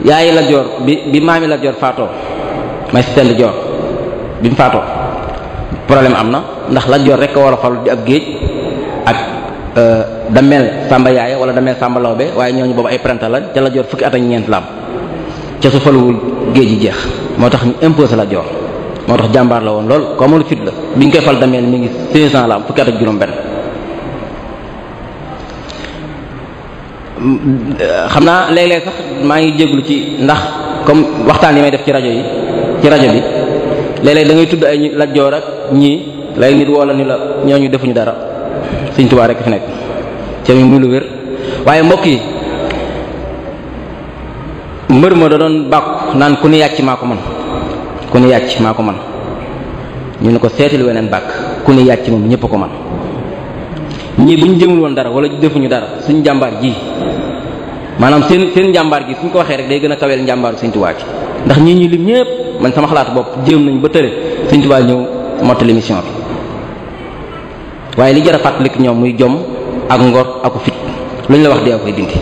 yaayi Lat Joor bi bi maami Lat Joor faatoo may sell Joor bi mu faatoo problème am na ndax Lat Joor rek war a fal di ab géej ak euh, dameel Samba Yaaya wala dameel Samba Lawbe waaye ñooñu boobu ay prenta la ca Lat Joor fukki at ak ñeent la am ca su faluwul géej yi jeex moo tax ñu imposé Lat Joor moo tax jàmbaar la woon lool ko amul fit la biñ koy fal dameel mi ngi 500 la am fukki at xam naa léeg-léeg sax maa ngi jéglu ci ndax comme waxtaan yi may def ci rajo yi ci rajo bi léeg-léeg da tudd ay la joor ak ñii lay nit woo la ni la ñooñu defuñu dara Sëriñ Tuubaa rek fi nekk ci muy lu wér waaye mbokk yi mbër ma da doon bàkku naan ku ni yàcc maa ko man ku ni yàcc maa ko man ñu ne ko seetal weneen bàkk ku ni yàcc moom ñépp ko man ñii bu ñu jëmul woon dara wala defuñu dara suñ jàmbaar jii maanaam seen seen njàmbaar gi suñ ko waxee rek day gën a kaweel njàmbaaru Sëriñ Tuubaa gi ndax ñii ñuy lim ñëpp man sama xalaat bopp jéem nañ ba tëre Sëriñ Tuubaa ñëw mottali mission bi waaye li jar a ñoom muy jom ak ngor ak fit lu ñu la wax dee koy dindi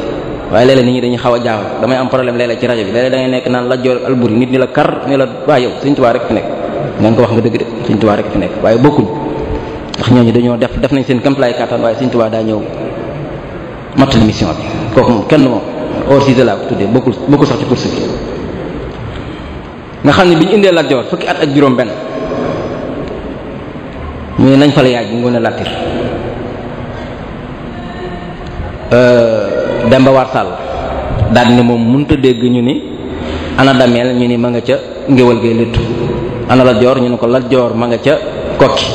waaye léeg nit ñi dañuy xaw a jaaxal damay am problème léeg ci rajo bi léeg-léeg da ngay nekk naan la joor alburi nit ñi la kar ni la waa yow Sëriñ Tuubaa rek fi nekk ko wax nga dëgg de Sëriñ Tuubaa rek fi nekk waaye bokkuñ ndax ñooñu dañoo def def nañ seen kéemtalaay kattan waaye Sëriñ Tuubaa daa ñëw matal mission bi kooku moom kenn moom hors Cissé laa ko tuddee bokkul bokkul ci course bi. nga xam ne bi ñu indee Lat Joor fukki at ak juróom-benn ñu ne nañ fa la yaay bi Ngoone Latir euh, Demba War Sall daal ne moom mënut a dégg ñu ni ana dameel ñu ni ma nga ca ngéwal gay léttu ana Joor ñu ne ko Lat Joor ma nga ca kokki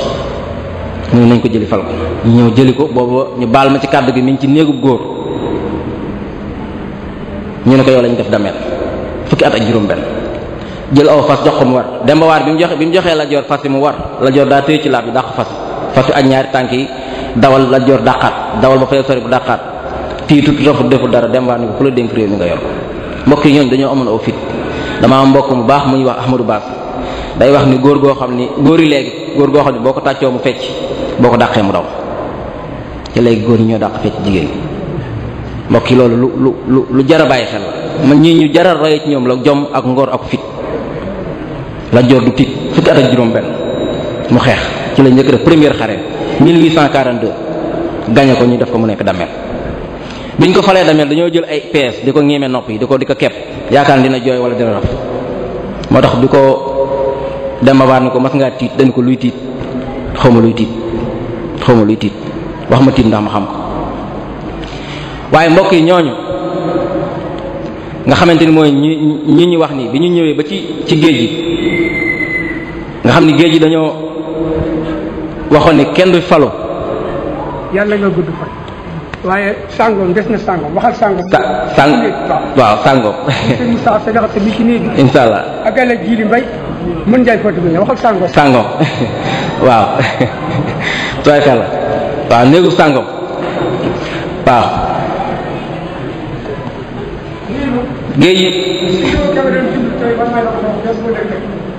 mu ne nañ ko jëli fal ko ñu ñëw jëli ko boobu ñu baal ma ci kàddu gi mi ngi ci néegu góor ñu ne ko yow lañ def dameel fukki at ak juróom-benn jël aw fas jox ko mu war demba waar bi mu joxe bi joxee la joor fas yi mu war la joor daa tëye ci laab bi dàq fas fas yi ak ñaari tànk yi dawal la joor dàqaat dawal ba fay sori bu dàqaat tiitu rafut deful dara dem waar ni ko ku la dénk réew mi nga yor ko mbokk yi ñooñu dañoo amoon aw fit dama am mbokk mu baax mu ñuy wax Ahmadou Bass day wax ni góor goo xam ni góor yi léegi góor goo xam ni boo ko tàccoo mu fecc boo ko dàqee mu daw ci léegi góor ñoo dàq fecc jigéen mbokk yi loolu lu lu lu jar bàyyi xel la ma ñii ñu jar a ci ñoom la jom ak ngor ak fit la joor du tiit fukki at ak juróom-benn mu xeex ci la njëkk def première xare 1842 gañe ko ñu def ko mu nekk dameel biñ ko falee dameel dañoo jël ay PS di ko ñeeme nopp yi di ko di ko kepp yaakaar dina jooy wala dina raf moo tax bi ko dem babaar ni ko mas ngaa tiit dañ ko luy tiit ma luy tiit xaw ma luy tiit wax ma tiit ndax ma xam ko waaye mbokk yi ñooñu nga xamante ni mooy ñi ñi ñu wax nii bi ñu ñëwee ba ci ci géej gi nga xam ni géej gi dañoo waxoon ni kenn du falo. yàlla nga gudd fan. des na sàngoom waxal sàngoom. sàng waaw sàngoom. incha allah. ak ala jiili mbay bi waxal sàngoom. sàngoom waaw. tubaarkal la waaw néegu sàngam waaw géej yi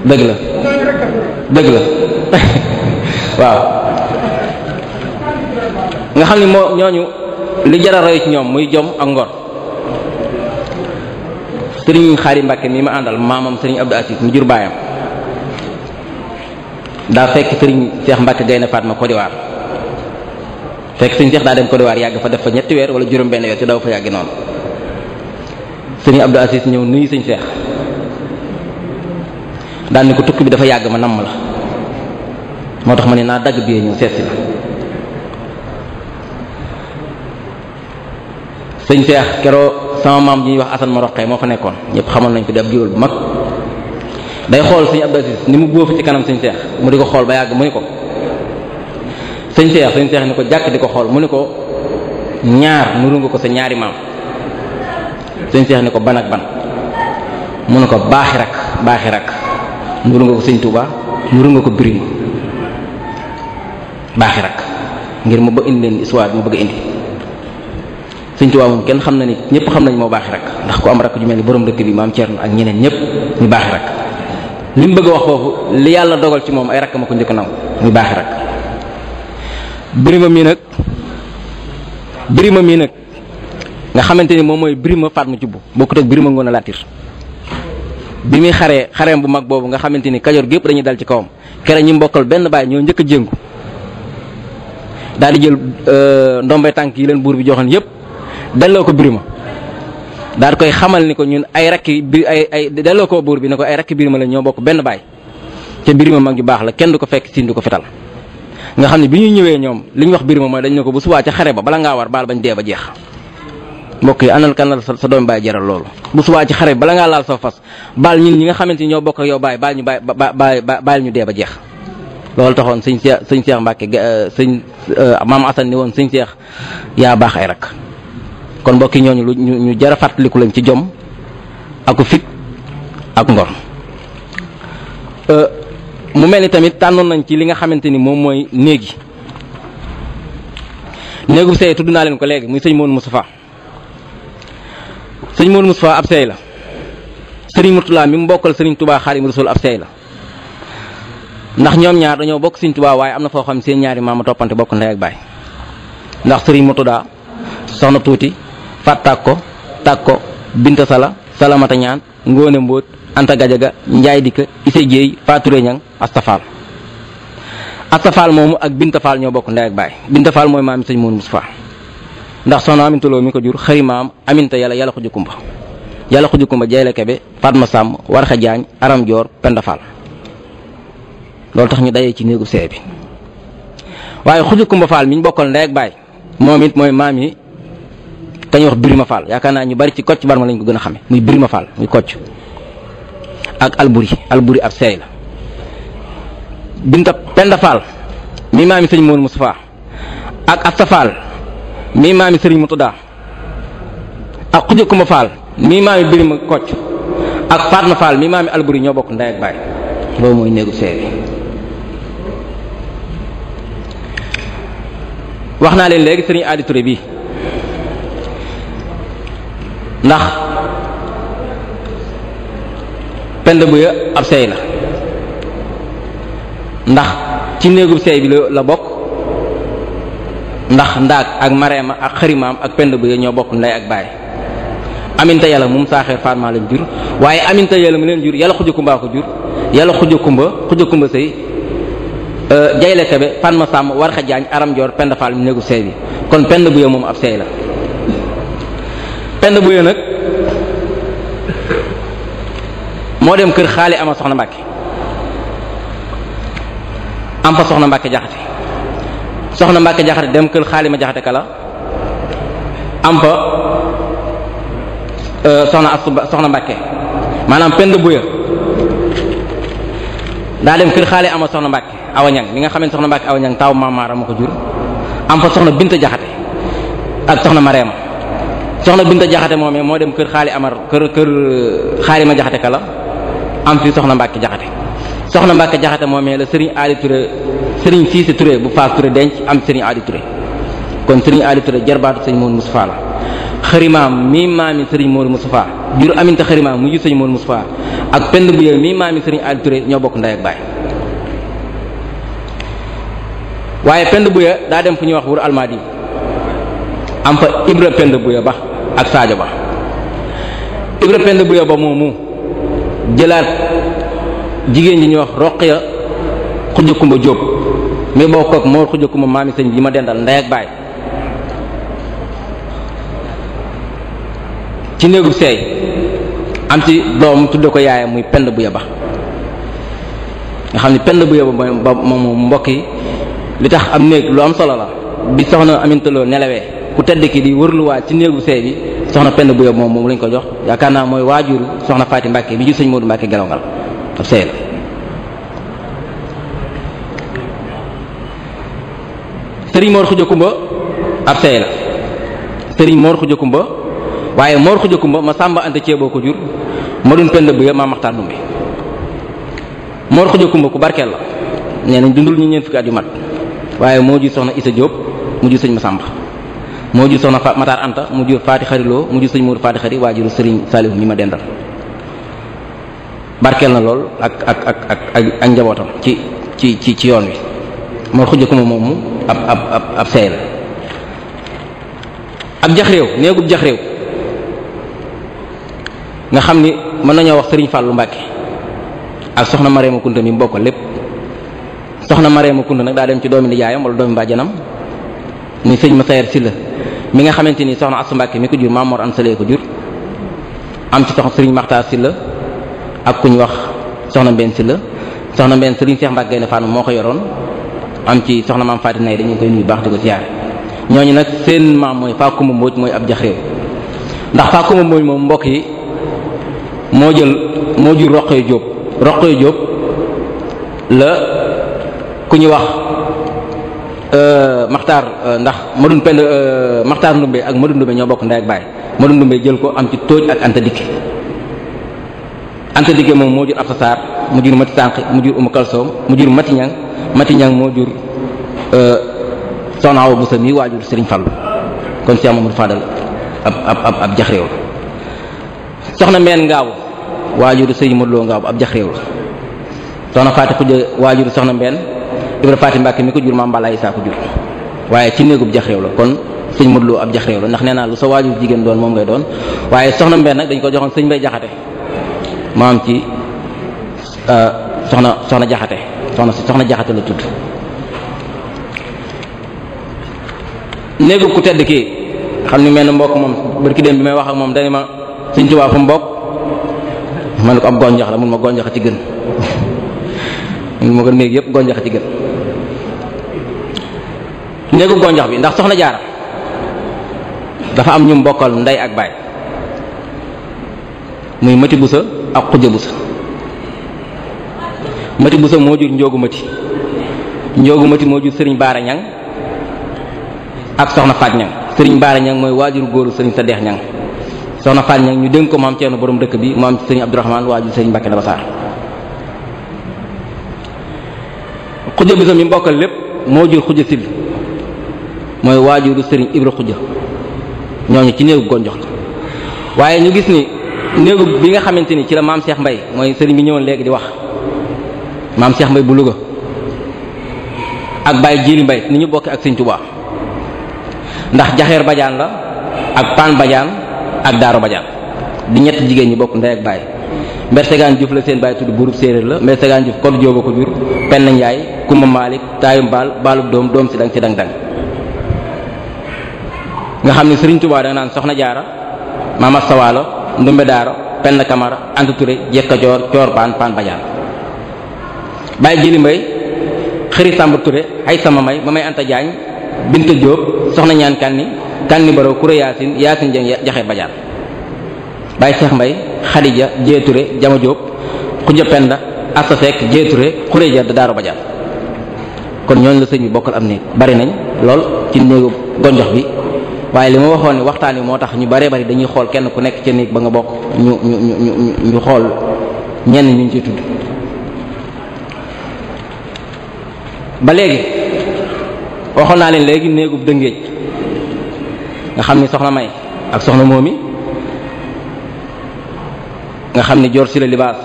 dëgg la dëgg la waaw nga xam ni moo ñooñu li jar a roy ci ñoom muy jom ak ngor sëriñ Xaari Mbàkke mi ma àndal maamam sëriñ Abdou Aziz mu jur baayam daa fekk sëriñ Cheikh Mbacke Gaynde Fatma Côte d'Ivoire fekk sëriñ seex daa dem Côte d'Ivoire yàgg fa def fa ñetti weer wala juróom-benn weer ci daw fa yàgg noonu sëriñ Abdou Aziz ñëw nuyu sëriñ Cheikh daan ko tukki bi dafa yàgg ma namm la moo tax ma ne naa dagg bi ñëw seet si la sëñ Cheikh keroo sama maam ñuy wax Assane Moroqe moo fa nekkoon ñëpp xamal nañ ko di ab géwél bu mag day xool suñu Abdou Aziz ni mu góofu ci kanam suñu seex mu di ko xool ba yàgg mu ni ko suñu seex suñu seex ni ko jàkk di ko xool mu ni ko ñaar nuru nga ko sa ñaari maam suñu seex ni ko ban ak ban mu ne ko baaxi rak baaxi rak nuru nga ko suñ Tuuba nuru nga ko Birima baaxi rak ngir mu ba indi leen histoire bi bëgg indi suñ Tuuba moom kenn xam na ni ñëpp xam nañ moo baaxi rak ndax ku am rak ju mel ni borom dëkk bi maam na ak ñeneen ñëpp ñu baaxi rak li mu bëgg a wax foofu li yàlla dogal ci moom ay rakk ma ko njëkk nangu muy baaxi rakk birima mii nag birima mii nag nga xamante ni moom mooy birima Fatma Jubbu bokkut ak birima Ngoone Laatiir bi muy xaree xareem bu mag boobu nga xamante ni kajoor gépp dañuy dal ci kawam kere ñi mbokkal benn baay ñoo njëkk a jéngu daal di jël euh, ndombay tànk yi leen buur bi joxoon yépp delloo ko birima daal koy xamal ni ko ñun ay rakki biir ay ay delloo ko buur bi ne ko ay rakki biir ma la ñoo bokk benn baay te biir ma mag ju baax la kenn du ko fekk siin du ko fetal nga xam ne bi ñuy ñëwee ñoom li ñu wax biir ma mooy dañ ne ko bu subaa ca xare ba bala ngaa war baal bañ dee ba jeex mbokk yi anal kanal sa doom baay jaral loolu bu subaa ci xare bala ngaa laal soo fas baal ñun ñi nga xamante ni ñoo bokk ak yow baay baal ñu baay baay baal ñu dee ba jeex loolu taxoon sëñ Seex sëñ Seex Mbàkke eh, sëñ eh, maam Asan ni woon sëñ Seex yaa baax rak kon mbokki ñooñu lu ñu ñu jara fàttaliku lañ ci jom aku fit ak ngor euh, mu mel ni tamit tànnoon nañ ci li nga xamante ni moom mooy néegi néegu sey tudd naa leen ko léegi muy sëñ Modou Moustapha sëñ Modou Moustapha ab sey la sëriñ Murtala mi mu bokkal sëriñ Touba Xaadimu Rasuul ab sey la ndax ñoom ñaar dañoo bokk sëriñ Touba waaye am na foo xam seen ñaari maama toppante bokk ndey ak baay ndax sëriñ Murtala soxna tuuti Fat Takko Takko Binta Sala Salamata Ñaan Ngóone Mbóot Anta Gajaga Njaay Dikka Ise Jéey Fature Ñang Astafaal Astafaal moomu ak Binta Faal ñoo bokk ndey ak baay Binta Faal mooy maam sëñ Mourou Moustapha ndax soxna Aminta Lo mi ko jur xëy maam Aminta yàlla yàlla xuju kumba yàlla xuju kumba Jeyla Kebe ma Sàmm Warxa Jaañ Aram Joor Penda Faal loolu tax ñu dajee ci néegu seey bi waaye xuju mi ñu ndey ak baay moom mooy maam yi dañuy wax Birima Fall yaakaar naa ñu bari ci Kocc Barma lañ ko gën a xamee muy Birima Fall muy Kocc ak Alburi Alburi ab seey la. Binta Penda Fall mi maami sëñ Mourou Moustapha ak Asta Fall mi maami sëriñ Moutada ak Khoudia Koumba Fall mi maami Birima Kocc ak Fatma Fall mi maami Alburi ñoo bokk ndey ak baay loolu mooy néegu seey wax naa leen léegi sëriñ Adi Touré bii. ndax pend bu ya ab sey la ndax ci néegub sey bi la bokk ndax ndaag ak mareema ak xarimaam ak pend bu ya ñoo bokk ndey ak baay aminta yàlla moom saaxeer faatmaa lañ jur waaye aminta yàlla mu leen jur yàlla xuja kumbaa ko jur yàlla xuja kumba xuja kumba sëy euh, jayle kebe faatma sàmm war xajaañ aram joor pend faal mu néegub sey bi kon pend bu ya moom ab sey la pend bu nag moo dem kër xaali ama soxna Mbàkke am fa soxna Mbàkke jaxate soxna Mbàkke jaxate dem kër xaali ma jaxate kala am fa euh, soxna astu soxna Mbàkke maanaam pend bu daa dem kër xaali ama soxna Mbàkke awa ñang mi nga xam ne soxna Mbàkke awa ñang taw maam jur am fa soxna Binta jaxate ak soxna Mareema soxna Binta Jaxate moomee moo dem kër xaali Amar kër kër xaali ma Jaxate la am fi soxna Mbacke Jaxate soxna Mbacke Jaxate moomee la Serigne Ali Touré Serigne si Touré bu Fass Touré denc am Serigne Ali Touré kon Serigne Ali Touré jarbaatu sëñ Mourou Moustapha la xërimaam mii maami sëriñ Mourou Moustapha jur aminta xërimaam mu jur sëñ Mourou Moustapha ak pend bu yow mii maami Serigne Ali Touré ñoo bokk ndey ak baay waaye pend bu ya daa dem fu ñuy wax wur almaadi am ak saajo Ba Ibra Penda bu Yoba moomu jëlaat jigéen ji ñuy wax roq ya Koumba Diop mi bokk ak Mor Khoudia maami sëñ bi ma dendal ndey ak baay ci néegub seey am ci doom tudde ko yaayam muy Penda bu Yoba nga xam ne Penda bu Yoba mooy moom mbokk yi li tax am néeg lu am solo la bi soxna Aminta nelawee ku tedd ki di wërluwaat ci néegu sey bi soxna penn bu yob moom moom lañ ko jox yaakaar naa mooy waajuru soxna Faati Mbàkke bi jur sëñ Moodu Mbàkke Gelongal ab sey la sëriñ la sëriñ Mor Khoudia Kumba waaye Mor Khoudia Kumba ma sàmba ante ceeboo ko jur ma dun pend bu yëpp maa maxtaar dumbe Mor Khoudia la nee nañ ñu ñeen fukki at yu mat moo jur soxna Isa Diop mu jur ma sàmba moo jur soxna Matar Anta mu jur Faati Xariloo mu jur sëñ Mourou Faati Xari waajuru sëriñ Saalihu mi ma dendal barkeel na lool ak ak ak njabootam ci ci ci ci yoon wi moo xujj ko ma moomu ab ab ab ab ak jax réew néegub jax réew nga xam ni mën nañoo wax sëriñ Fàllu Mbàkke ak soxna Mareema Kunta mi bokkal lépp soxna Mareema Kunta nag daa dem ci doomi nijaayam wala doomi bàjjanam muy sëñ si la mi nga xamante ni soxna Astou Mbacke mi ko jur Maam Mor Anta Saly ko jur am ci soxna sëriñ Makhtar Sylla ak ku ñu wax soxna Mbène la soxna Mbène sëriñ Cheikh Mbacke Gaynde Fatma moo ko yoroon am ci soxna maam Fatou Nay dañu koy nuyu baax di ko ziar ñooñu nag seen maam mooy Fakuma Mbodj mooy ab jaxreew ndax Fakuma Mbodj moom mbokk yi moo jël moo jur Roqoy Diop Roqoy Diop la ku ñu wax. Euh, Maxtaar euh, ndax Madun Pend euh, Maxtaar Ndumbe ak Madun Ndumbe ñoo bokk ndey ak baay Madun Ndumbe jël ko am ci tóoj ak Anta Dikke Anta Dikke moom moo jur Absa Sarr mu jur Mati Sànq mu jur Umu Kalsoom mu jur Mati Ñang Mati Ñang moo jur Soxna Awa Busa mi waajur Sëriñ Fallu kon Cheikh Mamadou Fadal ab ab ab ab jax réew la soxna Mbène Ngaaw waajur Sëriñ Modou Lo Ngaaw ab jax réew la soxna Faati Xujja waajur soxna Mbène Ibra Faati Mbàkke mi ko jur maam Balla Isaa ko jur waaye ci néegub jaxreew la kon sëñ Modou Lo ab jaxreew la ndax nee naa lu sa waajur jigéen doon moom ngay doon waaye soxna Mbène nag dañ ko joxoon sëñ Mbay Jaxate maam ci euh, soxna soxna Jaxate soxna soxna Jaxate la tudd néegub ku tedd kii xam ni mel ne mbokk moom ki dem bi may wax ak moom dañ ma sëñ Tuubaa fu mu bokk man ko am gonjax la mun ma gonjax ci gën mu ko néeg yëpp gonjax ci gën néegu gonjax bi ndax soxna jaara dafa am ñu mbokkal ndey ak baay muy mati busa ak bu busa mati busa moo jur njoogu mati njoogu mati moo jur sëriñ baara ñang ak soxna faat ñang sëriñ baara ñang mooy waajur góor sëriñ sa deex ñang soxna faat ñang ñu dénk ko mu am ceenu borom dëkk bi mu am sëriñ abdurahmaan waajur sëriñ mbàkke dabasaar xujja bisam yi mbokkal lépp moo jur xujja sill mooy waajuru sëriñ ibra xujja ñooñu ci néegu gonjox la waaye ñu gis ni néegu bi nga xamante ni ci la maam Cheikh Mbay mooy sëriñ bi ñëwoon léegi di wax maam Cheikh Mbay bu Louga ak Baye Jili Mbay ni ñu bokke ak sëriñ Tuubaa ndax jaxeer bajaan la ak paan bajaan ak daaro bajaan di ñetti jigéen ñi bokk ndey ak baay mbertegaan Juuf la seen baay tudd buurub séeréer la mbertegaan Juuf kon jóoba ko jur na njaay kumba maalik taayu mbaal baalub doom doom si dang si dang dang nga xam ne sëriñ Tuubaa da nga naan soxna jaara maama sawaalo ndumbe daaro penn kamara anta ture jekka joor coor paan paan bajaan bàyyi jili mbay xëri sàmb ture ay sama may ma may anta jaañ binte jóob soxna ñaan kanni kanni baro kuré yaasin yaasin jeng jaxe bajaan bàyyi seex mbay xadija jee ture jama jóob xuja penda asta sekk jee ture xuré ja daaru bajaan kon ñooñu la sëñ bi bokkal am néeg bari nañ lool ci néegu gonjox bi waaye li ma waxoon ne waxtaan wi moo tax ñu bare bari dañuy xool kenn ku nekk ca néeg ba nga bokk ñu ñu ñu ñu xool ñenn ñu ngi ciy tudd ba léegi waxoon naa leen léegi néegub dëngéej nga xam ni soxna may ak soxna moomi nga xam ni joor si la libaas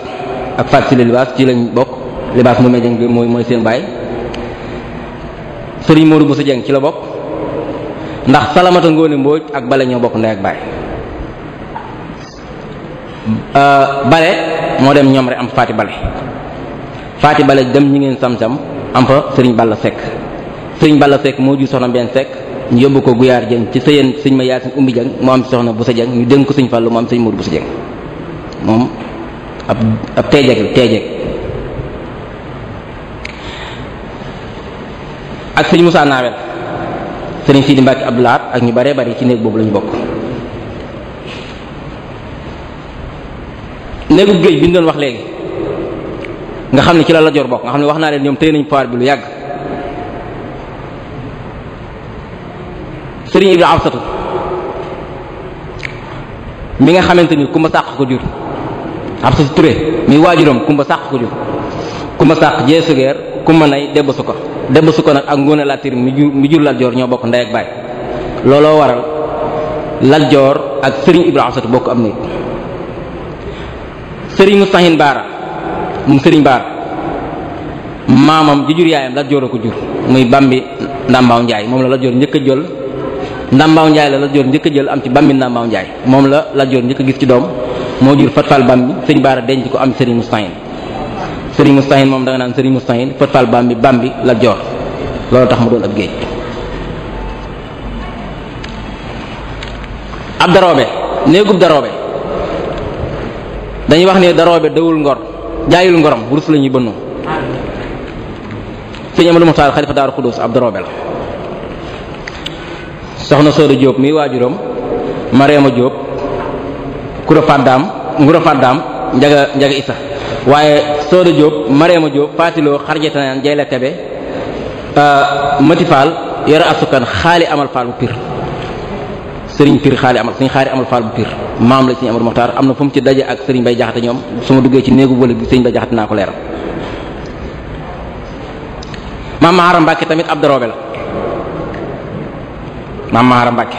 ak faat si la libaas ci lañ bokk libaas mu mejjëng mooy mooy seen baay sëriñ bu sa Dieng ci la bokk ndax Salamata Ngone Mbodj ak Bale ñoo bokk ndey ak baay euh, Bale moo dem ñoom rek am Faati Bale Faati Bale dem ñu ngeen sam-sam am fa sëriñ Balla Seck sëriñ Balla Seck moo jur soxna benn Seck ñu yóbbu ko Guyaar Dieng ci sëyeen sëñ ma Yaasin Umbi Dieng moo am soxna Bousso Dieng ñu dénk ko sëñ Fallou moo am sëñ Modou Bousso Dieng moom ab ab teejeeg teejeeg ak sëñ Moussa Nawel sëriñ Sidi Mbacke Abdou Lahad ak ñu baree bari ci néeg boobu lañu bokk. néegu géej bi ñu doon wax léegi nga xam ne ci la la jor bokk nga xam ne wax naa leen ñoom téye nañu paar bi lu yàgg sëriñ Ibrahima Absatu mi nga xamante ni kumba sàq ko jur Absatu Touré mi waajuram kumba sàq ko jur kumba sàq jeesugeer ku mën ay debb su ko debb su ko nag ak Ngoné Latyr mi jur mi jur Joor ñoo bokk ndey ak baay looloo waral Lat Joor ak Serigne Ibrahima Sati bokk am nit Serigne Mustahin Baara moom Serigne Baara maamam ji jur yaayam Lat Joor ko jur muy bambi Ndambaaw Njaay moom la Lat Joor njëkk a jël Ndambaaw Njaay la Lat Joor njëkk a jël am ci bambi Ndambaaw Njaay moom la Lat Joor njëkk a gis ci doom moo jur Fatfal bambi Serigne Baara denc ko am Serigne Mustahin sëriñ mustahin moom da nga naan sëriñ mustahin Fat Fall bambi bambi la joor loolu tax mu doon ab géej ab daroobe néegub daroobe dañuy wax ne daroobe dawul ngor jaayul ngorom wurus la ñuy bënnu sëriñ Amadou xalifa Daaru Xudus ab daroobe la soxna Sooda Diop mii waajuram Mariama Diop Koura Faddaam Ngoura Faddaam Njaga Njaga Isa waaye Sooda Diop Marema Diop Fatiloo Xarjata naan Jayla Kebe euh, Mati Fall yore asukan xaali amal Fall bu Pire Serigne Pire xaali amal Serigne xaali amal Fall bu Pire maam la Serigne Amadou Mokhtar am na fu mu ci daje ak sëriñ Bay Jaxate ñoom su ma duggee ci néegu wala bi Serigne Bay Jaxate naa ko leeral. maam Mahara Mbacke tamit ab doroobe la maam Mahara Mbacke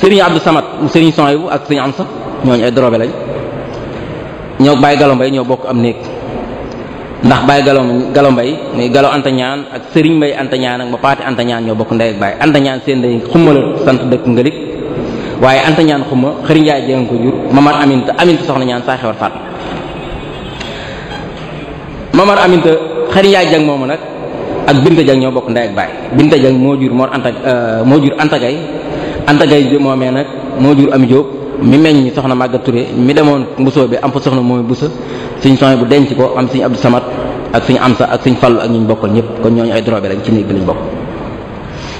Serigne Abdou Samad mu Serigne Sohaybou ak Serigne Amsa ñooñu ay doroobe lañ. ñoo Baye Gallo Mbaye ñoo bokk am néeg ndax Baye Gallo Gallo Mbaye muy galo Anta Ñaan ak Serigne Mbaye Anta Ñaan ak ma ñoo bokk ndey ak Baye Anta Ñaan seen ndey xuma la sant dëkk waaye Anta Ñaan xuma xëri Njaay jénga ko jur Mamar Aminta Aminta soxna ñaan saa xewar faat ak Binta ñoo bokk ndey ak Baye Binta moo jur Mor Anta euh, moo jur moomee nag moo jur Ami Jóob mi meññ soxna Maguette Touré mi demoon mbusoo bi am fa soxna mooy busa suñ soxna bu denc ko am suñ Abdou Samad ak suñ Amsa ak suñ Fallu ak ñi ñu bokkal ñëpp kon ñooñu ay drobe lañ ci néeg bi lañ bokk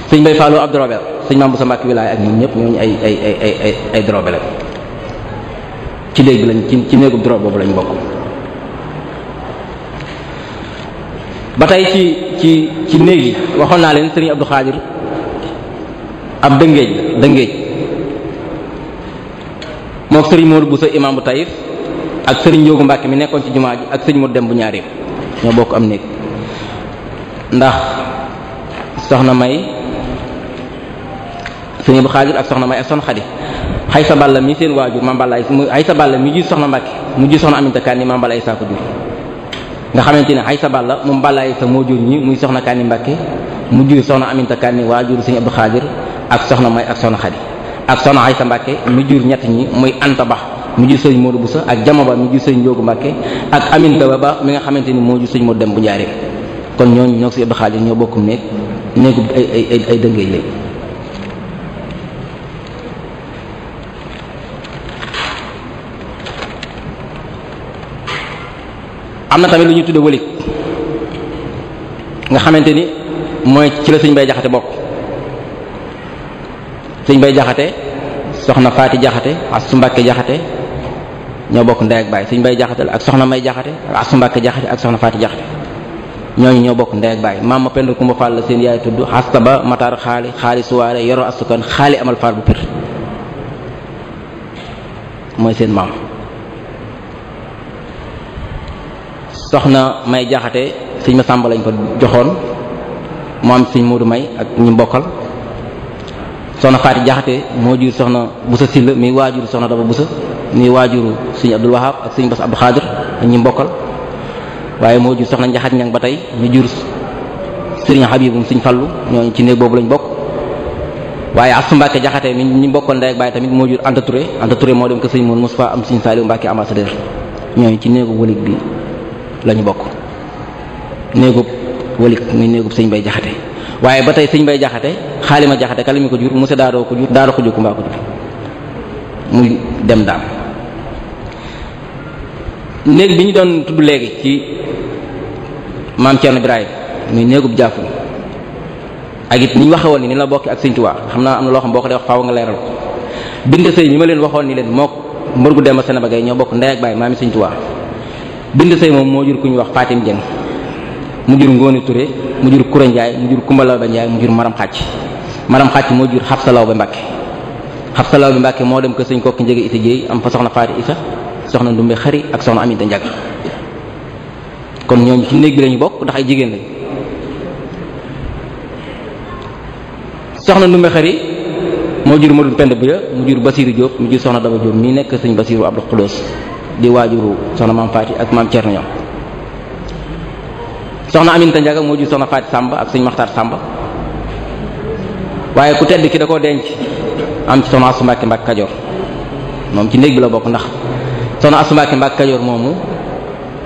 suñ Bay Fallu ab drobe suñ Maam ak ñëpp ñooñu ay ay ay ay ay drobe lañ ci néeg bi lañ ci ci néegub drobe boobu lañ bokk ba tey ci ci ci néeg yi waxoon naa leen sëriñ Abdou Xaadir ab dëngéej la moo sëriñ bu Bousso imam bu Taïf ak sëriñ Ndiogu Mbacke mi nekkoon ci jumaa ji ak sëriñ Modou dem bu ñaareel ñoo bokk am néeg ndax soxna May sëriñ bu Xaadir ak soxna May ak soxna Xadi xay sa balla mi seen waajur mambalaay xay sa balla mi ji soxna Mbacke mu ji soxna Aminta Kani mambalaay saa ko jur nga xamante ne xay sa balla mu mbalaay sa moo jur ñi muy soxna Kani Mbacke mu jur soxna Aminta Kani waajur sëriñ Abdou Xaadir ak soxna May ak soxna Xadi ak soxna Aysa Mbàkke mi jur ñett ñi muy Anta Ba mi jur moo bu Boussa ak Jama Ba mi jur sëñ Njoogu Mbàkke ak Aminta Ba mi nga xamante ni moo jur sëñ Modou dem bu njaaree kon ñooñu ñoo si Abdou ñoo bokkum néeg néegu ay ay ay dëngeej am na tamit lu ñuy tudde wëlig nga xamante ni mooy ci la sëñ bay jaxate bokk sëñ bay jaxate soxna faati jaxate su mbàkke jaxate ñoo bokk ndey ak baay sëñ bay jaxate la ak soxna may jaxate ak asu ak soxna faati jaxate ñooñu ñoo bokk ndey ak baay maam ma pend kumba faal la seen yaay tudd xasta ba mataar xaali xaali suwaare yoro asukan xaali amal faal bu pir mooy seen maam soxna may jaxate sëñ ma sàmba lañ ko joxoon mu am sëñ muudu may ak ñu mbokkal soxna faati jaxate moo jur soxna busa silla mi waajur soxna daba busa mi waajuru sëñ abdul wahab ak sëñ bas abdu xaadir ñi mbokkal waaye moo jur soxna njaxat ñang ba tey mi jur sëriñ xabibum sëñ fallu ñooñu ci néeg boobu lañ bokk waaye asu mbàkke jaxate mi ñu mbokkal ndey ak baay tamit moo jur anta touré anta touré moo dem ko sëñ moon mustafa am sëñ saaliw mbàkke ñoo ñooñu ci néegu wëlig bi lañu bokk néegub wëlig muy néegub sëñ bay jaxate waaye ba tey sëñ bay jaxate xaalima jaxate kala mi ko jur monsieur daadoo ko jur daadoo ko jur kumbaa ko jur muy dem daam néeg bi ñu doon tudd léegi ci maam Thierno Birahim muy néegub jaafu ak it ni ñu waxee woon ni ni la bokk ak sëñ Tuubaa xam naa am na loo xam boo ko dee wax faaw nga leeral ko bind sëy mi ma leen waxoon ni leen mook mbër gu dem ba Sénégal ñoo bokk ndey ak baay maami sëñ Tuubaa bind sëy moom moo jur ku ñu wax Fatim Dieng mu jur Ngóone Touré mu jur Kure Ndiaye mu jur Kumba Lawbe mu jur Maram Xàcc Maram Xàcc moo jur xaf Xabsa Lawbe Mbàkke Xabsa Lawbe Mbàkke moo dem ko sëñ kokki njege ita jéey am fa soxna Faati Isa soxna Ndumbe Xari ak soxna Aminta Njag kon ñooñu ci lañu bokk ndax ay jigéen lañ soxna Ndumbe Xari moo jur Modou Penda Buya mu jur Basiiru Diop mu jur soxna Daba Diop mii nekk sëñ Basiiru Abdou Xuloos di waajuru soxna maam Faati ak maam Cerno ñoom soxna Aminta Njaga moo jur soxna Faat Sàmba ak sëñ Maxtaar Sàmba waaye ku tedd ki da koo denc am ci soxna Asu Mbàkke Mbàkke Kajoor ci néeg la bokk ndax soxna Asu Mbàkke Kajoor moomu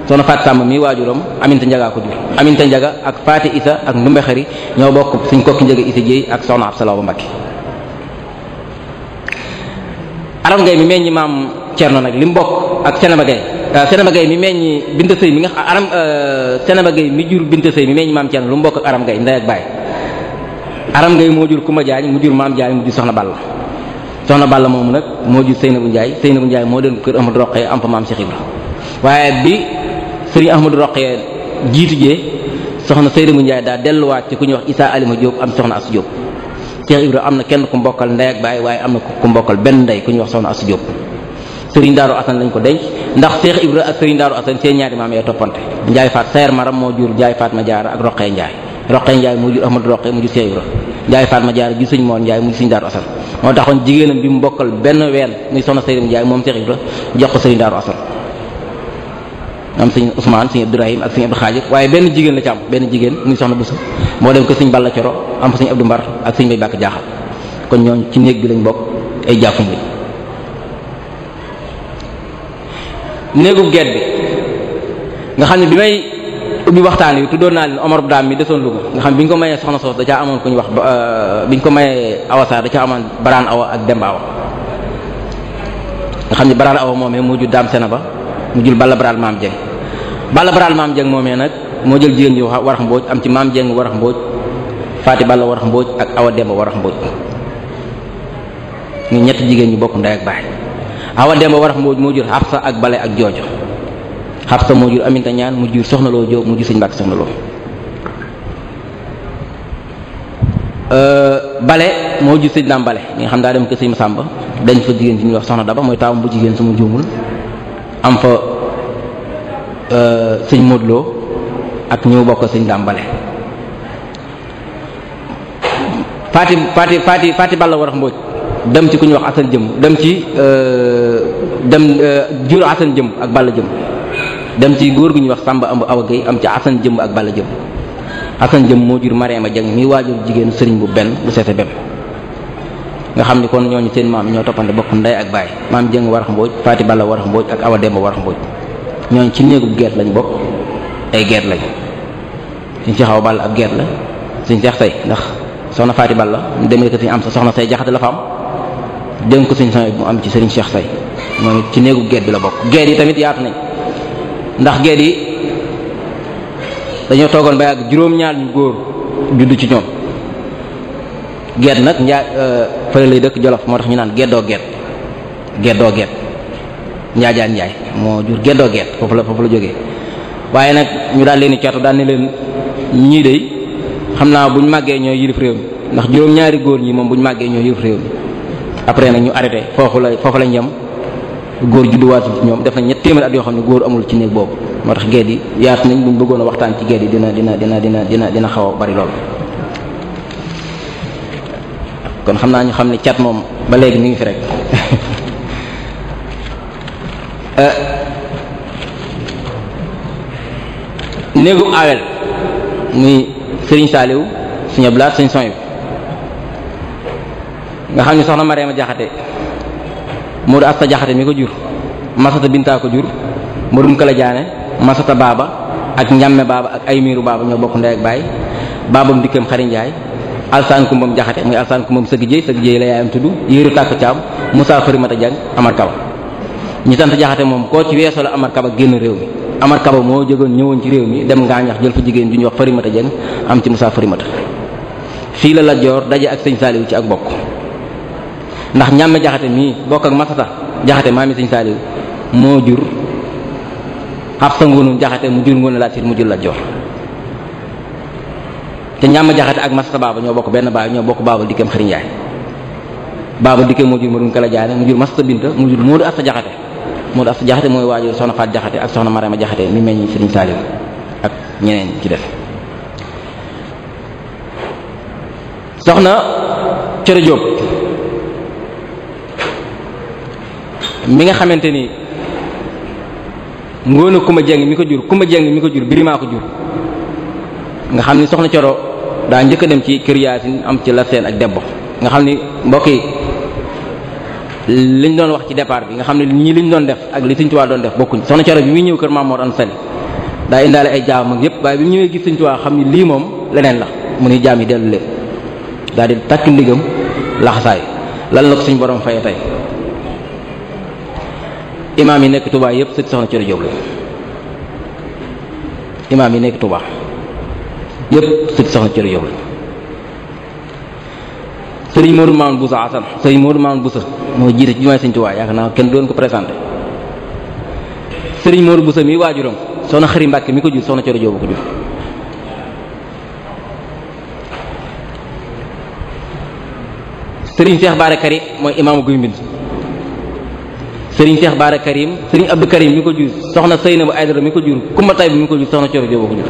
soxna Faat Sàmba mii waajuram Aminta Njaga ko jur Aminta Njaga ak Faati Isa ak Ndumbe ñoo bokk suñ kokki Njaga Isa Jéey ak soxna Absalaw ba Mbàkke aram ngay mi meññi maam Cerno nag li bokk ak Sénéba Gueye Sénéba euh, Gueye mi meññi Binta Sëy mi nga aram Sénéba euh, mi jur Binta Sëy mi meññi maam Thierno lu mbokk bokk ak aram Gueye ndey ak baay aram Gueye moo jur Kumba Jaañ mu jur maam Jaañ mu jur Soxna Balla Soxna Balla moomu nag moo jur Seynabu Njaay Seynabu Njaay moo doon kër Ahmadu Roqee am fa maam Ibra waaye bi Serigne Ahmadu Roqee jiitu jee soxna Seynabu Njaay daa delluwaat ci ku ñuy wax Issa Alima Diop am soxna Asu Diop Ibra am na kenn ku mbokkal ndey ak waaye am na ku mbokkal benn ndey ñuy wax soxna Asu Diop sëriñ daaru asan lañ ko denc ndax Cheikh Ibra ak sëriñ daaru asan seen ñaari maam yee toppante Njaay Faat Sayer Maram moo jur Njaay Faat ma jaar ak Roqee Njaay Roqee Njaay moo jur Ahmadu Roqee mu jur Cheikh Ibra ma jaara gi suñ moon Njaay mu jur sëriñ daaru asan moo taxoon jigéenam bi mu benn ween muy soxna Sëriñ moom Cheikh Ibra jox ko sëriñ daaru asan am sëñ Ousmane sëñ Abdourahim ak sëñ Abdou Khadir waaye benn jigéen la ci am benn jigéen muy soxna Bousso moo dem ko sëñ Balla Coro am fa sëñ Abdou Mbar ak sëñ Bay Bàkk Jaaxal kon ñooñu ci néeg bi lañ bokk ay jàfum bi néegub geet bi nga xam ne bi may ubbi waxtaan wi tuddoon naa leen Omar Dame mi desoon Louga nga xam ne bi ñu ko mayee soxna soos da caa amoon ku ñu wax euh, bi ñu ko mayee awasaar da ca amoon baraan awa ak demba awa nga xam ne baraan awa moomee moo jur daam sena ba mu jul balla baraal maam jeng balla baraal maam jeng moomee nag moo jël jigéen wax warax mbooj am ci maam jeng warax mbooj faati bala warax mbooj ak awa demba warax mbooj ñu ñetti jigéen ñu bokk awa demba warax moo moo jur xabsa ak bale ak joojo xabsa moo jur aminta ñaan mu jur soxnaloo loo jóob mu jur sëñ mbàkk soxna euh, bale moo jur sëñ daam bale mi nga xam daa dem kër sëñ Masamba dañ fa jigéen ci ñuy wax soxna daba mooy taawam bu jigéen su ma juumul am fa euh, sëñ Modou ak ñu bokk sëñ daam bale faati faati faati faati balla warax mbooj dem ci ku ñuy wax atan jëm dem ci euh, dem euh, jur atan jëm ak bàll jëm dem ci góor gu ñuy wax sàmba amb awa gay am ci asan jëm ak bàll jëm asan jëm moo jur Mariama Jeng mi waajur jigéenu sëriñ bu benn bu seete bem nga xam ni kon ñooñu seen maam ñoo toppante bokk ndey ak baay maam jëng warax mbooj faati balla warax mbooj ak awa demba warax mbooj ñooñu ci néegu geet lañ bokk ay geet lañ suñ si xaw balla ab geet la suñ seex say ndax soxna faati balla demee ko suñu am sa soxna say jaxate la am dénk ko sëñ Saaliw mu am ci sëriñ Cheikh Fay moom ci néegu geet bi la bokk geet yi tamit yaatu nañ ndax geet yi dañoo toogoon ba yàgg juróom-ñaar ñu góor juddu ci ñoom geet nag njaa euh, dëkk Jolof moo ñu naan geddoo geet geddoo geet njaajaan njaay moo jur geddoo geet foofu la foofu la jóge waaye nag ñu daal leen di catu daal ne leen ñii de xam naa buñ màggee ñooy yilif réew mi ndax juróom-ñaari góor ñi moom buñ màggee ñoo yilif réew mi après nag ñu arrêté foofu la foofu lañ yem góor judduwaatul ci ñoom def nañ ñett téeméer at yoo xam ne góor amul ci néeg boobu moo tax géej yi yaatu nañ buñ bëggoon a waxtaan ci géej yi dina dina dina dina dina dina xaw a bari lool. xam naa ñu xam ne cat moom ba léegi mi ngi fi rek euh, néegu awel muy Serigne Saliou Serigne Blaat Serigne Soyew nga xam ni soxna Mariama Jaxate Modou Asta Jaxate mi ko jur Masata Binta ko jur Modou Kala Jaane Masata baaba ak Njàmme Baba ak ay Aymiru Baba ñoo bokk ndey ak baay baabam dikkam Xari Njaay alsaan kumbam Jaxate muy alsaan kumbam sëgg jëy sëgg jëy la yaayam tudd yéeru tàkk caam Moussa Farimata Jang Amar Kaba ñu sant Jaxate moom koo ci weesoo la Amar Kaba génn réew mi Amar Kaba moo jógoon ñëwoon ci réew mi dem ngaañax jël fa jigéen ju ñuy wax Farimata Jang am ci Moussa Farimata fii la Lat Joor daje ak sëñ Saaliw ci ak bokk ndax ñàmm jaxate mii bokk ak masata jaxate maami sëñ Saaliw moo jur ab sa ngunu jaxate mu jur ngoon laaj si mu jur la jox te ñàmm jaxate ak masata baaba ñoo bokk benn baay ñoo bokk baaba dikkam xëriñ yaay baaba dikkam moo jur ma dun kala jaane mu jur ma binta mu jur moo du ab sa jaxate moo du ab sa mooy waajur soxna faat jaxate ak soxna marama jaxate mi meññ sëriñ Saaliw ak ñeneen ci def soxna coro Jóob mi nga xamante ni ngóon a kuma jeng mi ko jur kuma jeng mi ko jur birimaa ko jur nga xam ni soxna coro daa njëkk dem ci kër yaasin am ci la seen ak debbo nga xam ni mbokk yi ñu doon wax ci départ bi nga xam ne ñii ñu doon def ak li Sëñ Tuubaa doon def bokkuñ soxna coro bi muy ñëw kër Maamoor an sali daa indaale ay jaam ak yépp waaye bi mu ñëwee gis Sëñ Tuubaa xam ni lii moom leneen la mu ni jaam yi dellu leen daa di tàccu ndigam laxasaay lan la ko borom faye tey imaam yi nekk Touba yëpp sëti soxna Coro Jóob la imaam yi nekk Touba yëpp sëti soxna Coro Jóob la sëriñ Modou Mamoun Boussa Assane sëriñ moo jiite ci jumaay Sëriñ doon ko présenté sëriñ Modou Boussa mi waajuram soxna Xari Mbàkke mi ko jur soxna Coro Jóob ko jur sëriñ Cheikh Baare Kari mooy imaamu Guy Mbind sëriñ Cheikh Baara Karim sëriñ Abdou Karim mi ko jur soxna Seynabou Aydara mi ko jur Kumba Tay bi mi ko jur soxna Cooro Jóob ko jur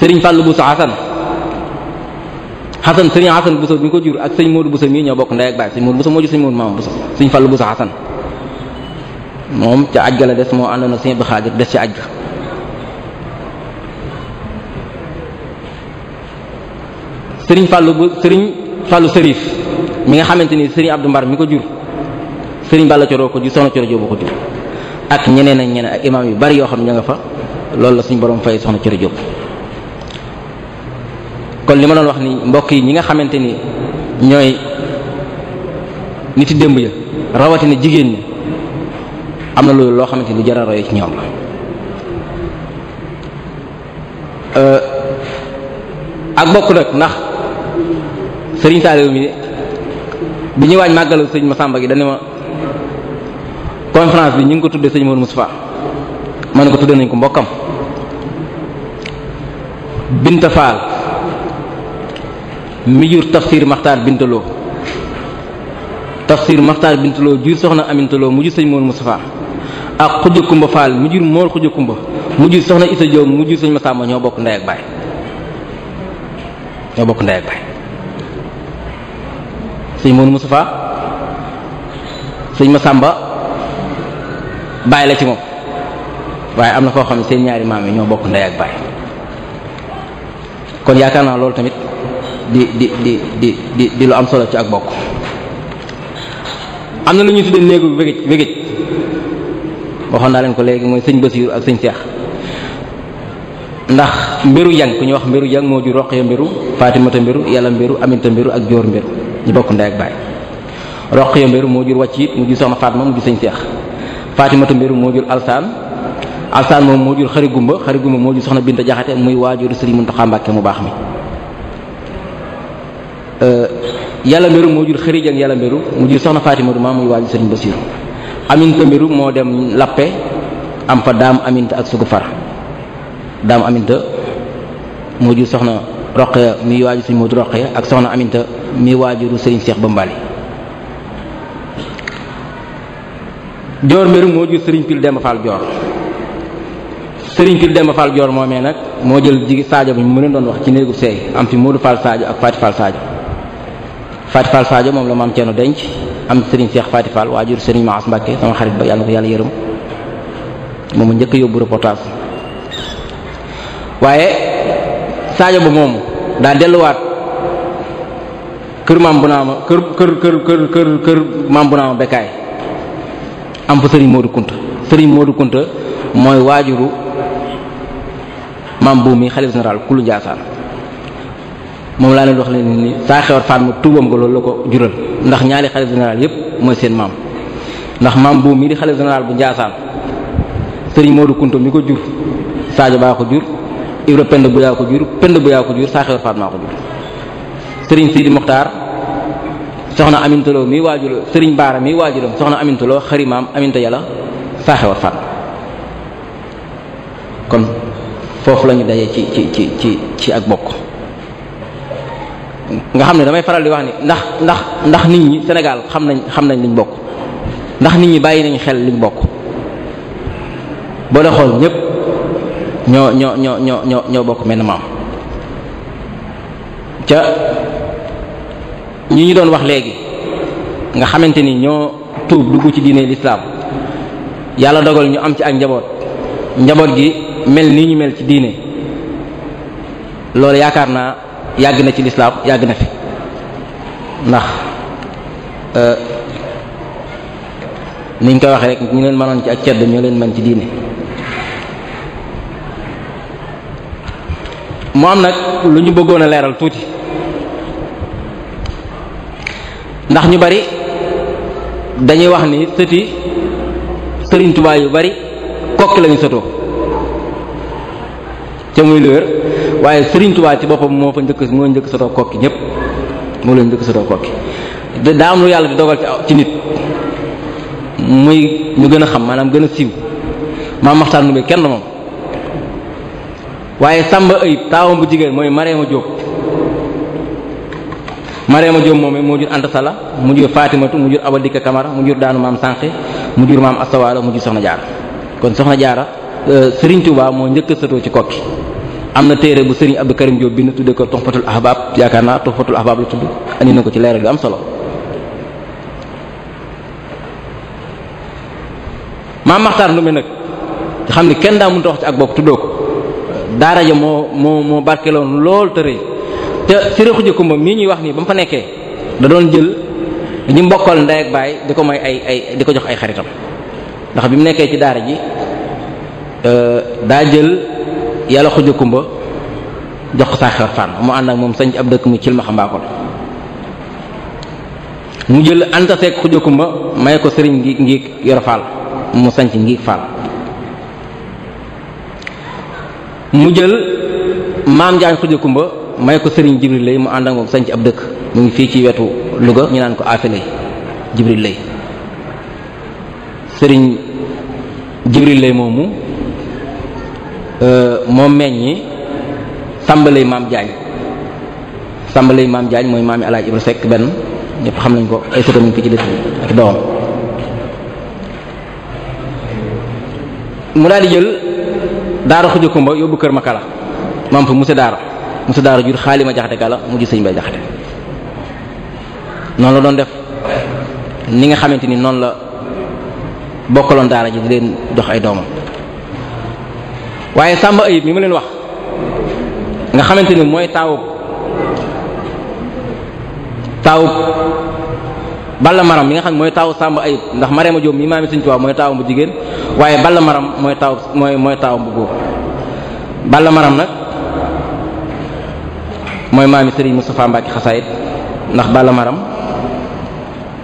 sëriñ Fàllu Buso Xasan Xasan sëriñ Xasan Buso ko jur ak sëñ Moodu Buso mii ñoo bokk ndey ak baay sëñ Moodu Buso moo jur sëñ Moodu Maama Buso sëñ Fàllu ga la moo àndoon ak sëñ des ca aj sëriñ Fàllu bu sëriñ Fàllu Sërif mi nga xamante ni sëriñ Abdou Mbar mi ko jur sëriñ Balla Coro ko jur soxna Coro Jóob ko jur ak ñeneen ak ñeneen ak imaam yu bari yoo xam ne ña nga fa loolu la suñu borom fay soxna Coro Jóob li ma doon wax ni mbokk yi ñi nga xamante ni ñooy niti démb rawatina jigéen ñi am na loolu loo xamante ni lu jar a ci ñoom la euh, bi ñuy waañ màggalu sëñ Masamba gi dañu ma conférence bi ñu ngi ko tuddee sëñ Maodo Moustapha ma ne ko tuddee nañ ko mbokkam Binta Fall mi jur tafsir Maxtaar Bintaloo tafsir Maxtaar Bintaloo jur soxna Amintaloo mu jur sëñ Maodo Moustapha ak Khoudia Koumba Fall mu jur Mor Khoudia Koumba mu jur soxna Issa Diop mu jur sëñ ñoo bokk ndey ak baay ñoo bokk ndey ak baay sëñ Mourou Moustapha sëñ Massamba bàyyi la ci moom waaye am na koo xam ne seen ñaari maam yi ñoo bokk ndey ak baay kon yaakaar naa loolu tamit di di di di di di lu am solo ci ak bokk am na lu ñu tuddee néegu wégéj wégéj waxoon naa leen ko léegi mooy sëñ Basiiru ak sëñ Seex ndax mbiru yang ku ñu wax mbiru yang moo ju roqee mbiru Faatimata mbiru yàlla mbiru Aminta mbiru ak Joor mbiru ñu bokk ndey ak baay Roqiya Mbéru moo jur wàcc it mu jur soxna Fatma mu jur sëñ Seex Fatimata Mbéru moo jur Alsaan Alsaan moom moo jur Xari Gumba Xari Gumba moo jur soxna Binta Jaxate muy waajur Sëriñ Muntaxa Mbàkke mu baax mi yàlla Mbéru moo jur Xari Jeng yàlla Mbéru mu jur soxna Fatimatu ma muy waajur Sëriñ Basiru Aminta Mbéru moo dem Lappe am fa daam Aminta ak sugu daam Aminta moo jur soxna roqeya mi si sëñ Moodu roqeya ak soxna aminta mi waajuru sëriñ seex Ba Mbali joor mbéru moo jur sëriñ pil demba fall joor sëriñ pil demba fall joor moomee nag moo jël jigi saajo bi mu leen doon wax ci néegu seey am fi Moodu Fall Sadio ak Faati Fall Sadio Faati Fall Sadio moom la maam ceeno denc am sëriñ seex Faati Fall waajur sëriñ Maas Mbàkke sama xarit ba yàlla na ko yàlla yërëm moom njëkk yóbbu reportage waaye Sadio ba moomu daa delluwaat kër maam bu naa ma kër kër kër kër kër kër maam bu naa ma bekkaay am fa Serigne Modou Kunta Serigne Modou Kunta mooy waajuru maam buum mi xalif général kulu Njaasaan moom laa leen wax leen ni saa xewar faat ma tuubam ko loolu la ko jural ndax ñaari xalif général yépp mooy seen maam ndax maam buum mi di xalif général bu Njaasaan Serigne Modou Kunta mi ko jur Sadio baa ko jur Ibra pend bu yaa ko jur pend bu yaa ko jur saaxewar faat maa ko jur sëriñ Sidi Muxtaar soxna amintuloo mi waajuloo sëriñ baara mi waajuloom soxna amintuloo xari maam yàlla saaxewar faat kon foofu lañu daje ci ci ci ci ak bokk nga xam ne damay faral di wax ni ndax ndax ndax nit ñi Sénégal xam nañ xam nañ liñ bokk ndax nit ñi bàyyi nañ xel liñ bokk boo xool ñépp ñoo ñoo ñoo ñoo ñoo ñoo bokk menn maam ca ñi ñu doon wax léegi nga xamante ni ñoo tuub dugg ci diine lislaam yàlla dogal ñu am ci ak njaboot njaboot gi mel nii ñu mel ci diine loolu yaakaar naa yàgg na ci lislaam yàgg na fi ndax euh, niñ koy waxee rek ñu leen mënoon ci ak cedd ñoo leen mën ci diine mu am nag lu ñu bëggoon a leeral tuuti ndax ñu bari dañuy wax ni sëti sëriñ yu bari kokki lañu sëtoo ca muy lu waaye sëriñ ci boppam moo fa njëkk moo njëkk sëtoo kokki ñépp moo leen njëkk sëtoo kokki daa am lu yàlla di dogal ci nit muy ñu gën a xam maanaam gën a siiw maam maxtaan lu kenn moom waaye Samba ay taawam bu jigéen mooy Marema Diop ma Diop moom moo jur Anta mu jur Fatimatu mu jur Awa Dika Kamara mu jur daanu maam Sànqe mu jur maam Astawaalo mu jur Soxna Jaara kon Soxna Jaara euh, sëriñ Touba moo njëkk a sëtoo ci kokki am na téere bu Serigne Abdou Karim Diop bind tuddee ko Tuhfatul Ahbab yaakaar naa Tuhfatul Ahbab la tudd andi na ko ci leeral bi am solo. maam Maxtaar Ndume nag xam ne kenn daa mënut a ci ak bopp tuddoo daara ja moo moo moo barkeeloon lool te te ci réexu ji kumba mii ñuy wax nii ba mu fa nekkee da doon jël ñu mbokkool ndey ak baay di ko may ay ay di ko jox ay xaritam ndax bi mu nekkee ci daara ji euh, daa jël yàlla xuj kumba jox ko saaxar fànn mu ànd ak moom sañ ab dëkk mu cil xambaakoon mu jël ànd ak xuj may ko sëriñ ngi ngi yor faal mu sañ faal mu jël maam jaañ xuja kumba may ko sëriñ jibril lay mu ànd ak moom sanc ab dëkk mu ngi fii ci wetu Louga ñu naan ko aafe lay jibril sëriñ jibril moomu euh, moom meññi sàmbalay maam jaañ sàmbalay maam jaañ mooy maami alaaj ibra sekk benn ñëpp xam nañ ko ay sëtam ak doom mu daal di jël daara xuj kumba yóbbu kër ma kala maam fa musa daara musa daara jur xaalima jaxate kala mu jur sëñ bay jaxate noonu la doon def ni nga xamante ni noonu la bokkaloon daara ji di leen jox ay doomam waaye sàmba ayib mi ma leen wax nga xamante ni mooy taawub taawub Balla Maram mi nga xam ne mooy taawu Samba Ayib ndax Marema Diop mi maami Sëriñ Tuubaa mooy taawam jigéen waaye Balla Maram mooy taaw mooy mooy taawam bu góor Maram nag mooy maami Serigne Moustapha Mbacke xasaayit ndax Balla Maram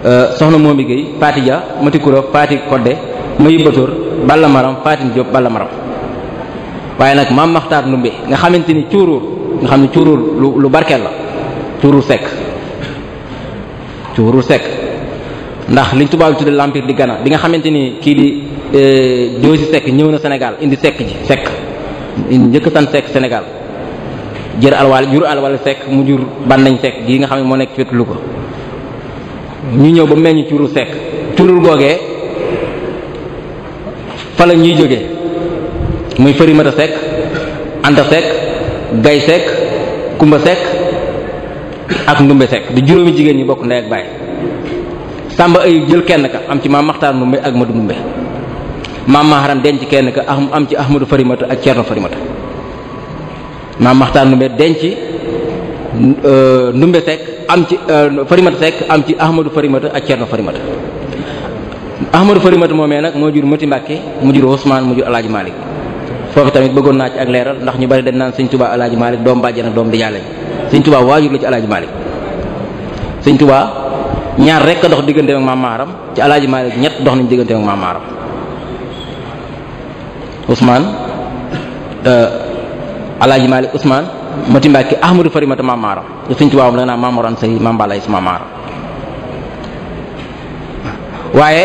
euh, soxna Momi Gueye Pati Dia Mati Koura Pati Kodde Mayi Batoor Balla Maram Fatin Diop Balla Maram waaye nag maam Maxtaar Ndumbe nga xamante ni cuuruur nga xam ne cuuruur lu barkeel la cuuruur sekk cuuruur sekk ndax liñ tubaab yi tudde l'empire di Ghana bi nga xamante ni kii di euh, Diosi Seck ñëw na Sénégal indi Seck ji sekk njëkk san Seck Sénégal jër alwaal jur alwaal sekk mu jur bandañ Seck gii nga xam ne moo nekk ci wetu Louga ñu ñëw ba meññ cuuru sekk cuuru googee fa la ñuy jóge muy Farimata Seck Anta Seck Gay Seck Kumba Seck ak Ndumbe Seck di juróomi jigéen ñi bokk ndey ak baay Samba ay jël kenn ka am ci maam Maxtaar Ndumbe ak Madu Ndumbe maam Maharam denc kenn ka am ci Ahmadu Farimata ak Ceerno Farimata maam Maxtaar Ndumbe denc euh, Ndumbe Seck am ci euh, Farimata Seck am ci Ahmadu Farimata ak Ceerno Farimata Ahmadu Farimata moomee nag moo jur Mati Mbàkke mu jur Usmaan mu jur Alaaji Maalik foofu tamit bëggoon naa ci ak leeral ndax ñu bari dañ naan Sëñ Tuubaa Alaaji Maalik doom bàjjan ak doom di yàlla Sëñ Tuubaa waajur la ci Alaaji Maalik Sëñ Tuubaa ñaar rek a dox diggante ak maam Maaram ci alaaji Maalik ñett dox nañ digganteem ak maam Maaram usmaan euh, alaaji Maalik Ousmane Mati Mbàkke Ahmadu Farimata maam Maaram te suñ tubaabam la naa maam Mor Anta Sali maam Balaay maam Maaram waaye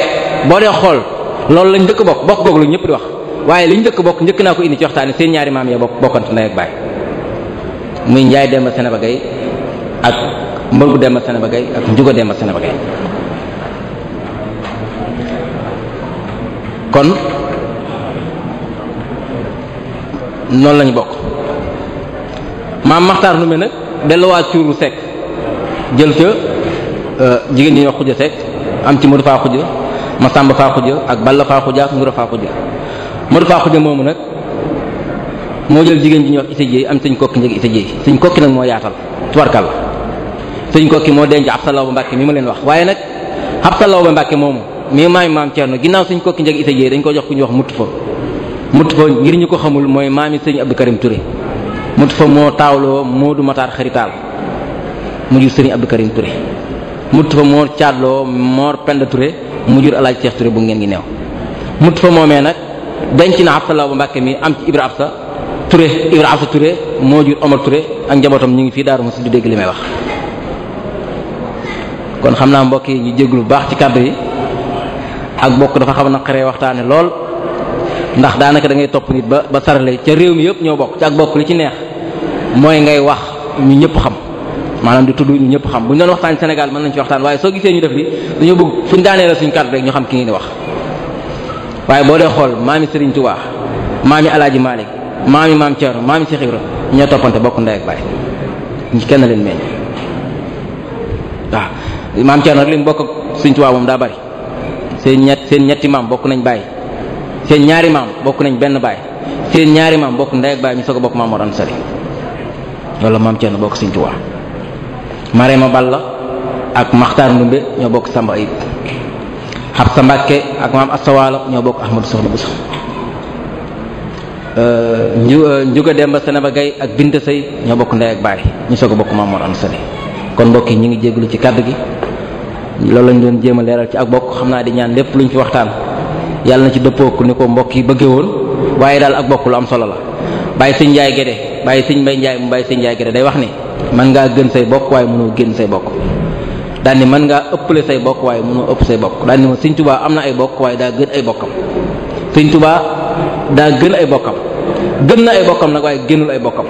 boo dee xool loolu lañ dëkk bokk bokk googu lu ñëpp di wax waaye liñ dëkk bokk njëkk naa ko indi ci waxtaani seen ñaari maam ya bokk bokkante ndey ak baay muy Njaay Demba Seneba ak mbër bu demba Sénéba Gueye ak njuga demba Sénéba Gueye kon noonu lañu bokk maam maxtaar nu me nag delluwaat cuuru sekk jël ca euh, jigéen ñi wax xuja sekk am ci Modou faa xuja Masamba faa xuja ak Balla faa xuja ak Ngura faa xuja Modou faa xuja moomu nag moo jël jigéen ji ñuy wax ita jéey am sañ kokki njëg ita jéey sañ kokki nag moo yaatal tubarkal sëñ Kokki moo denc Abdallah ba mbakke mi ma leen wax waaye nag Abdallah ba Mbàkke moomu mi maay maam Cerno ginnaaw sëñ Kokki njëg isa jéey dañ ko jox ku ñuy wax mutt fa mutt fa ngir ñu ko xamul mooy maami sëñ Abdou Karim Touré mutt fa moo taawloo Moodu Mataar xaritaal mu jur sëriñ Abdou Karim Touré mutt moo caatloo Mor Penda Touré mu jur alaaj Cheikh Touré bu ngeen ngi neew mutt fa moomee nag denc na Abdallah ba Mbàkke mi am ci Ibra Absa Touré Ibra Absa Touré moo jur Omar Touré ak njabootam ñu ngi fii Daaru Muxti di dégg li may kon xam naa mbokk yi ñu jéglu baax ci kàddu yi ak mbokk dafa xam naqaree waxtaane lool ndax daanaka da ngay topp nit ba ba sarale ca réew mi yëpp ñoo bokk ci ak bokk li ci neex mooy ngay wax ñu ñëpp xam maanaam di tudd ñu ñëpp xam bu ñu doon waxtaan Sénégal mën nañ ci waxtaan waaye soo gisee ñu def li dañoo bëgg fu ñu daanee la suñu kàddu rek ñu xam ki ngeen di wax waaye boo dee xool maami Serigne Touba maami Alaaji Malick maami maam Thierno maami Cheikh Ibra ñoo toppante bokk ndey ak baay ñu kenn leen meññ maam Thierno nag li mu bokk ak Sëriñ daa bari seen ñett ñetti maam bokk nañ baay seen ñaari maam bokk nañ benn baay seen ñaari maam bokk ndey ak baay ñu bokk maam Mor Anta Sali loolu maam Thierno bokk Sëriñ Tuubaa Marema Balla ak Maxtaar Ndumbe ñoo bokk Samba Ayib Xabsa Mbàkke ak maam ñoo bokk Ahmadu Soxna Buso euh, euh, Njuga Demba Sanaba Gay ak ak baay ñu soog bokk maam Mor Anta kon mbokk ñu ngi jégalu ci kàddu gi. loolu lañu doon jéem a leeral ci ak bokk xam naa di ñaan lépp luñ fi waxtaan yàlla na ci dëppook ni ko mbokk yi bëggee woon waaye daal ak bokk lu am solo la bàyyi sëñ Njaay Gédé bàyyi sëñ Mbay Njaay mu bàyyi sëñ Njaay Gédé day wax ni man ngaa gën say bokk waaye mënoo gën say bokk daan ni man ngaa ëppale say bokk waaye mënoo ëpp say bokk daan ni ma sëñ am na ay bokk waaye daa gën ay bokkam sëñ Tuubaa daa gën ay bokkam gën na ay bokkam nag waaye génnul ay bokkam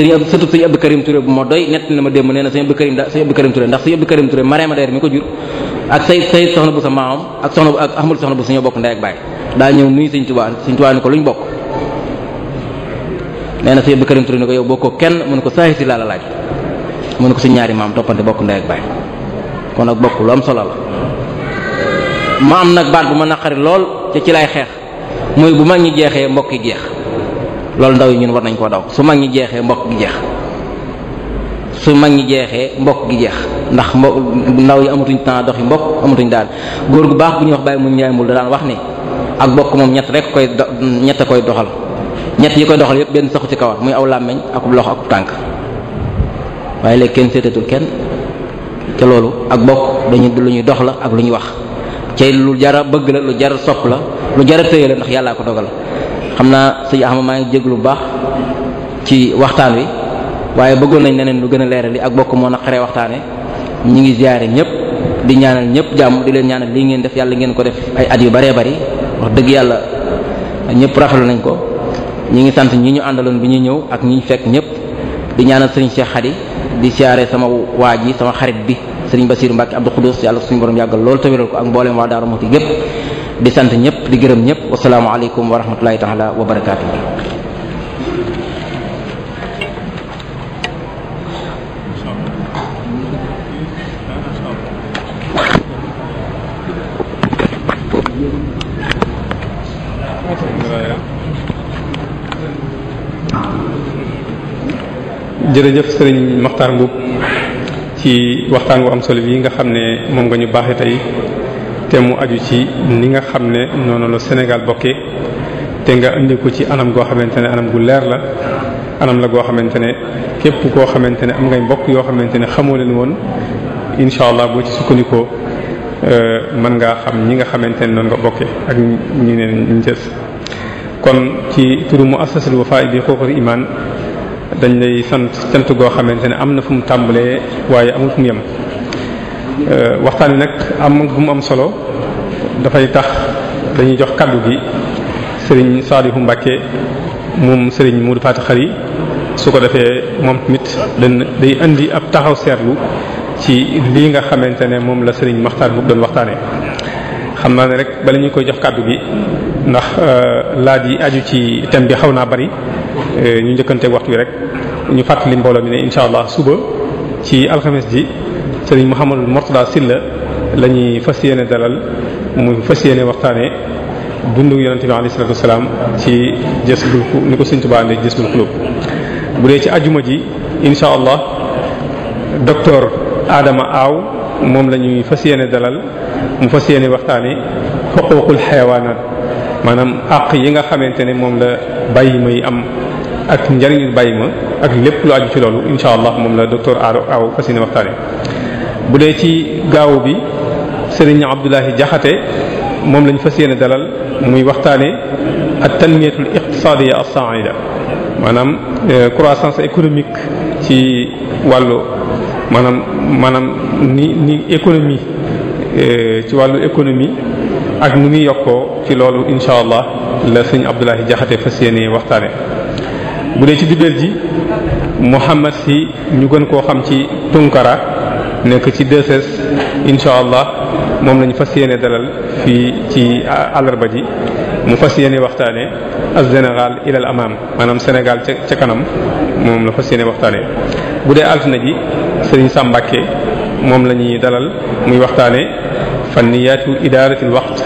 sëñ ab surtout sëñ Abdou Karim Touré bu ma doy nett na ma démb nee na sëñ Abdou Karim da sëñ Abdou Karim Touré ndax sëñ Abdou Karim Touré Mariama Dayer mi ko jur ak say say soxna bu sa maamam ak soxna ak Ahmadu soxna bu sa bokk ndey ak baay daa ñëw nuyu sëñ Tuubaa sëñ Tuubaa ni ko luñ bokk nee na sëñ Abdou Karim ni ko yow bokkoo kenn mun ko saaxi si laa la laaj mun ko si ñaari maam toppante bokk ndey ak baay kon nag bokk lu am solo la ma am nag baat bu ma naqari lool te ci lay xeex mooy bu mag ñi jeexee mbokk yi loolu ndaw yi ñun war nañ koo daw su mag ñi jeexee mbokk gi jeex su mag ñi jeexee mbokk gi jeex ndax mbo ndaw yi amatuñ temps yi mbokk amatuñ daal góor gu baax bu ñuy wax bàyyi mu njaay mbul da daan wax ni ak mbokk moom ñett rekk koy ñett koy doxal ñett yi koy doxal yépp benn saxu ci kawar muy aw làmmeñ akub loxo akub tànk waaye léegi kenn kenn te loolu ak mbokk dañu lu ñuy dox la ak lu ñuy wax cay lu jara bëgg la lu jara sopp la lu jar tëye la ndax yàllaa ko dogal xam naa sëñ Axma maa ngi jéglu bu baax ci waxtaan wi waaye bëggoon nañ neneen lu gën a leeral li ak bokk moo naqaree waxtaane ñi ngi ziyaare ñëpp di ñaanal ñëpp jàmm di leen ñaanal lii ngeen def yàlla ngeen ko def ay at yu baree bari wax dëgg yàlla ñëpp rafet nañ ko ñi ngi sant ñi ñu àndaloon bi ñuy ñëw ak ñi ñu fekk ñëpp di ñaanal sëriñ Cheikh Khady di siyaare sama waa ji sama xarit bi sëriñ Basiru Mbacke Abdou Khoudous yàlla suñu borom yàggal loolu tawéral ko ak mbooleem waa Daaru Muxti di sant ñëpp di gërëm ñëpp wasalaamualeykum wa rahmatulahi taala wa barakaatu. jërëjëf sëriñ Maxtaar Mbuub ci waxtaan bu am solo bi nga xam ne moom nga ñu baaxee tey. te mu aju ci ni nga xam ne noonu la Sénégal bokkee te nga indi ko ci anam goo xamante ne anam gu leer la anam la goo xamante ne képp koo xamante ne am ngay mbokk yoo xamante ne xamoo leen woon incha allah boo ci sukkandikoo euh, mën ngaa xam ñi nga xamante ne noonu nga bokkee ak ñi ne ñu des kon ci turu mu assasul wafa bi xooxari iman dañ lay sant cant goo xamante ne am na fu mu tàmbalee waaye amul fu yem Euh, waxtaan wi nag am gu mu am solo dafay tax dañuy jox kàddu gi sëriñ Salihu Mbacke moom sëriñ Modou Faty Khary su ko defee moom tamit dañ day indi ab taxaw seetlu ci lii nga xamante ne moom la sëriñ Maxtaar bu doon waxtaanee. xam naa ne rek bala ñu koy jox kàddu gi ndax euh, laaj yi aju ci thème bi xaw naa bari euh, ñu njëkkante waxtu wi rek ñu fàttali mbooloo mi ne incha allah suba ci alxames ji. sëriñ Mouhamadou Mourtada Sylla la ñuy fas yéene dalal mu fas yéene waxtaanee dundu yonente bi alayhi salaatu wasalaam ci Jazbul ni ko Sëriñ Tuubaa andee ci Jazbul Xuluub bu dee ci ajuma ji incha allah docteur aadama Aw moom la ñuy fas yeene dalal mu fas yéene waxtaanee xuquuqul xayawaanaat maanaam àq yi nga xamante ne moom la bàyyi may am ak njëriñu bàyyi ma ak lépp lu aju ci loolu incha allah moom la docteur Aw fas yéene waxtaanee. bu dee ci gaaw bi sëriñ Abdoulahi Jaxate moom lañ fas yéene dalal muy waxtaane ak tanmiyatul iqtisadiya san saida maanaam euh, croissance économique ci wàllu maanaam maanaam ni ni économie euh, ci wàllu économie ak nu ngi yokkoo ci loolu insha allah la sëriñ Abdoulahi Jaxate fas yéene waxtaane bu dee ci dibéer ji Muhammad si ñu gën koo xam ci Tunkara nekk ci 2S moom la ñu fas yéene dalal fii ci àllarba ji mu fas yéene waxtaanee ak Sénégal ilal amaam maanaam Sénégal ca ca kanam moom la fa yéene waxtaanee. bu dee altine ji sëriñ Sambacke moom la ñuy dalal muy waxtaanee fanniyaatu idaaratil waxt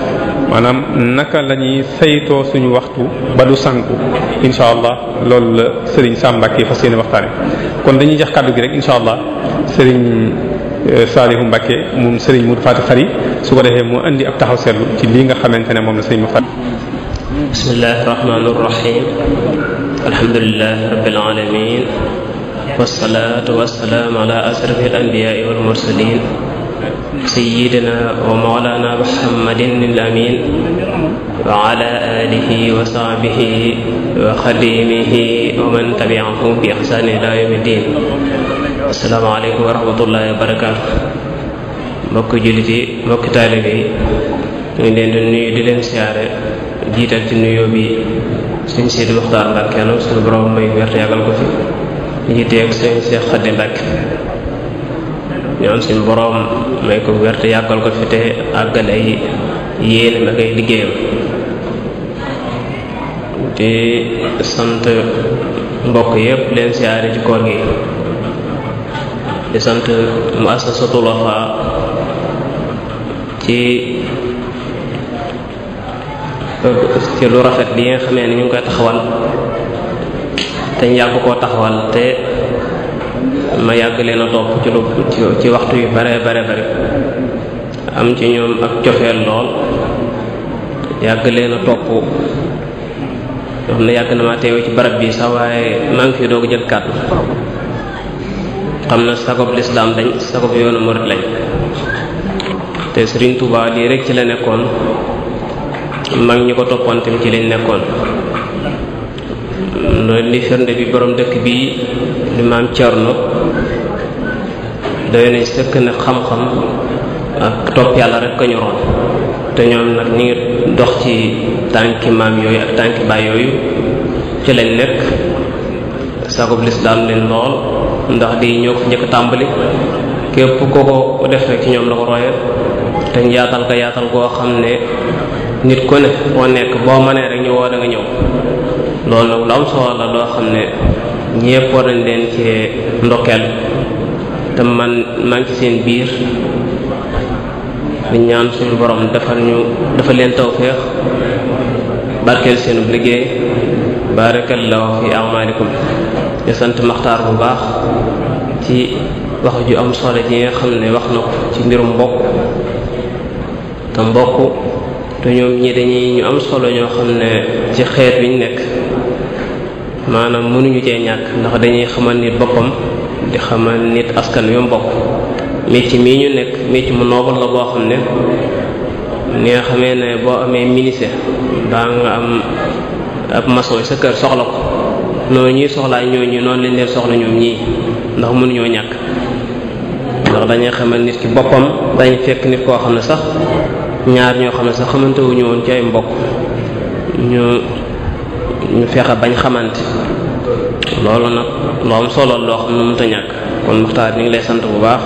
maanaam naka la ñuy saytoo suñu waxtu ba du sànku incha allah loolu la Serigne Sambacke fas yéene waxtaanee kon dañuy jox kàddu gi rek incha allah Saalihu Mbacke moom Serigne Modou Faty Khary su ko defee mu indi ab taxaw seetlu ci lii nga xamante ne moom la Serigne Mourtada. bismillahir rahmanir rahim alhamdulillahi rabbil alamin wasalaatu wasalaamu ala asrafil anbiyaai wal mursalin sayyidina wa mawlana muhammadin al amin wa ala alihi wa sahbihi wa xadimihi wa man tabi'ahum bi ihsaan ila yawmi din asalaamaaleykum wa rahmatullahi wa barakaatu mbokk jullit yi mbokk taalibe yi ñu ngi leen di leen siyaare jiital ci nuyoo bi suñ Sidi Muxtaar Mbàkke yàlla suñu borom may wér yàggal suñ Seex borom may ko wér yàggal ko fi te àggal ay yéen ma koy liggéeyam di sant mbokk yépp leen siyaare ci koor gi di sant mu assasatul wafa ci lu rafet li nga xamee ni ñu ngi koy taxawal te ñu yàgg koo taxawal te ma yàgg leen a topp ci lu ci waxtu yu bare bare bare am ci ñoom ak cofeel lool yàgg leen a topp ne yàgg na ma teewe ci barab bi sax waaye maa ngi fi doog jël kàddu xam na sagob lislaam lañ sagob yoonu murid lañ te Serigne Touba lii rek ci la nekkoon mag ñi ko toppoon tamit ci lañ nekkoon loolu li firnde bi borom dëkk bii di maam cerno doy nañ sëkk na xam-xam ak topp yàlla rek ko ñoroon te ñoom nag ñi ngi dox ci tànki maam yooyu ak tànki baay yooyu ci lañ nekk sagob lislaam leen lool ndax di ñoo ko njëkk tàmbali képp koo ko def rek ci ñoom la ko roye te yaatal ka yaatal koo xam ne nit ku ne moo nekk boo mënee rek ñu woo da ñëw loolu nag lu am solo la loo xam ne ñépp war nañ leen ci ndokkeel te man maa ci seen biir di ñaan suñu borom defal ñu dafa leen tawféex barkeel seenu liggéey barakallahu fi amalikum di sant maxtaar bu baax ci wax ju am solo ji nga xam ne wax na ko ci mbirum mbokk te mbokk te ñoom ñi dañuy ñu am solo ñoo xam ne ci xeet bi ñu nekk maanaam mënuñu cee ñàkk ndax dañuy xamal nit boppam di xamal nit askan wi mbokk métier mii ñu nekk métier mu noobal la boo xam ne ni nga xamee ne boo amee ministère daa nga am ab maçon sa kër soxla ko noo ñuy soxlaa ñooñu noonu lañ leen soxla ñoom ñii ndax mënuñoo ñàkk ndax dañuy xamal nit ki boppam dañ fekk nit koo xam ne sax ñaar ñoo xam ne sax xamante woon ci ay mbokk ñu ñu fexe bañ xamante loolu nag loo am solo loo xam ne mënut a ñàkk kon muxtaar ñu ngi lay sant bu baax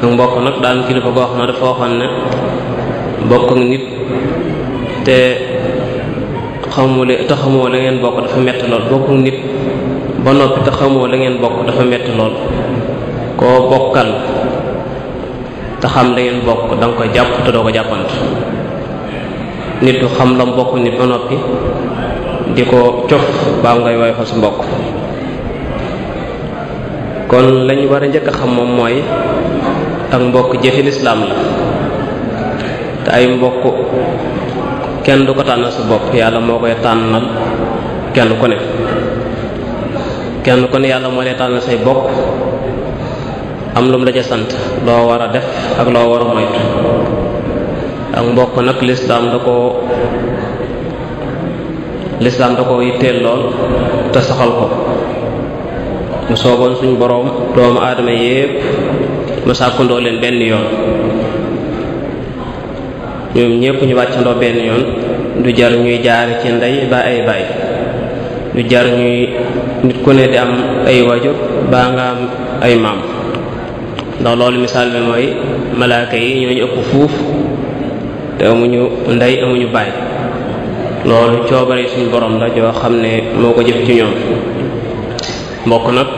ak mbokk nag daan kilifa goo xam ne dafa waxoon ne bokk nit te xamoo te xamoo la ngeen bokk dafa metti lool bokku nit ba noppi te xamoo la ngeen bokk dafa metti lool koo bokkal te xam la ngeen bokk da ko jàpp te doo ko jàppant nit du xam lam bokk nit ba noppi di ko cof baa ngay woy xos mbokk kon lañu war a njëkk a xam moom mooy ak mbokk jëfi lislaam la te ay mbokk kenn du ko tànnal sa bopp yàlla moo koy tànnal kenn ko ne kenn ku ne yàlla moo lay tànnal say bopp am lu mu la ca sant loo war a def ak loo war a moytu ak mbokk nag lislaam da koo lislaam ko yitteel lool te soxal ko mu sooboon suñu boroom doomu aadama yépp mu sàkkundoo leen benn yoon ñoom ñépp ñu wàccandoo benn yoon du jar ñuy jaar ci ndey ba ay baay du jar ñuy nit ku ne di am ay wajur baa nga am ay maam ndax loolu misaal bi mooy malaaka yi ñooñu ëpp fuuf te amuñu ndey amuñu baay loolu coobare suñu borom la joo xam ne moo ko jëf ci ñoom mbokk nag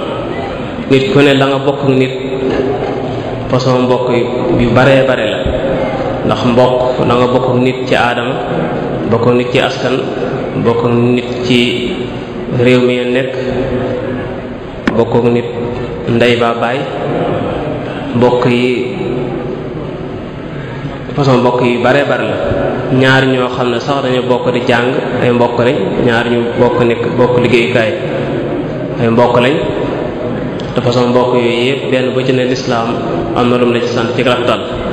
nit ku ne la nga bokk nit façon mbokk yu bare bare la ndax mbokk na nga nit ci aadama bokk nit ci askan bokk nit ci réew mi nekk bokk nit ndey baa baay mbokk yi façon mbokk yi bare bare la ñaar ñoo xam ne sax dañu bokk di jàng ay mbokk lañ ñaar ñu bokk nekk bokk liggéeyukaay ay mbokk lañ te façon mbokk yooyu yëpp benn bu ci ne lislaam am na lu la ci sant ci rafetal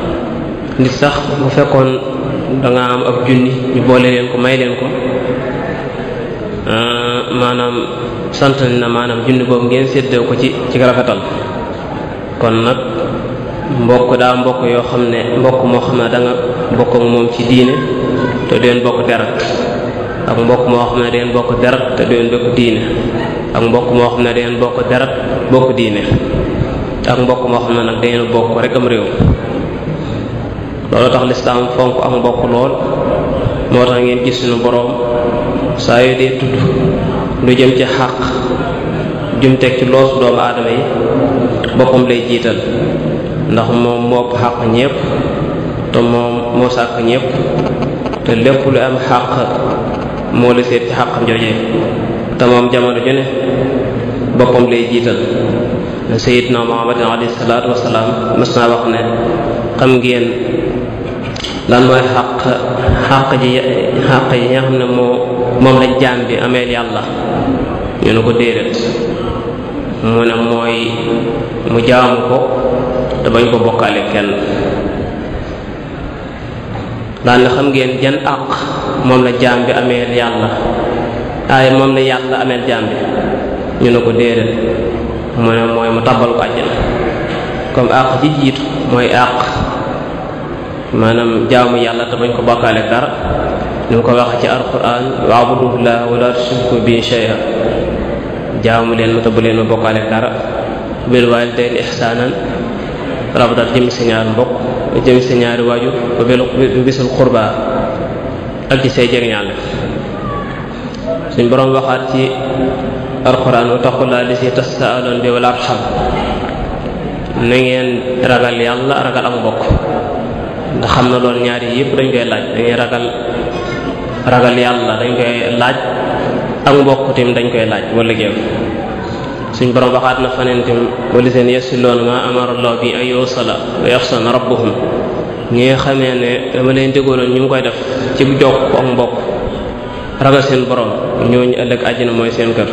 li sax bu fekkoon danga am ab junni ñu boole leen ko may leen ko euh, maanaam sant na maanaam junni boobu ngeen séddoo ko ci ci rafetal kon nag mbokk daa mbokk yoo xam ne mbokk moo xam ne da nga bokk ak moom ci diine te deen bokk ak mbokk moo xam ne deen bokk te deen bokk diine ak mbokk moo xam ne deen bokk deret bokk diine ak mbokk moo xam ne nag deen bokk rek am réew loolu tax lislaam fonk ak mbokk lool moo tax ngeen gis suñu boroom saa yu dee tudd lu jëm ci xaq jum teg ci loosu doomu aadama yi boppam lay jiital ndax moom mopp xàq ñépp te moom moo sàkk ñépp te lépp lu am xàq moo la seet ci xàqam joojee te moom jamono ju ne boppam lay jiital sayidna muhammadin alayhi salaatu wasalaam xam ngeen lan mooy xàq xàq ji xàq yi nga xam ne moo moom la jaam bi ameel yàlla ñu ne ko déedéet mu ne mooy mu jaamu ko te bañ ko bokkaale kenn daan na xam ngeen jan àq moom la jaam bi ameel yàlla waaye moom la yàlla ameel jaam bi ñu ne ko déedéet mu ne mooy mu tàbbal ko àjjana comme àq ji jiitu mooy àq maanaam jaamu yàlla te bañ ko bokkaale dara ni mu ko waxee ci alquran waabudullaah wala tushriku bi shay'a jaamu leen ma te bu leen ma bokkaale dara bil waalidayni ihsaanan rabatal jëm si ñaar mbokk jëm si ñaari waajur ba bil bisul qurba ak ci say jegeñaale suñ boroom waxaat ci alquran wa taqullaa li si tasaalun bi wal arham na ragal yàlla ragal am mbokk nga xam lool ñaar ñaari yëpp dañ koy laaj dañuy ragal ragal yàlla dañ koy laaj ak mbokkutim dañ koy laaj wala géew suñ borom waxaat na fanentim wali seen yasiloon ma amarallah bi ay yusala wa rabbuhum ñi nga xamee ne dama leen ñu ngi koy def ci jokk ak mbokk ragal seen borom ñooñu ëllëg àjjana mooy seen kër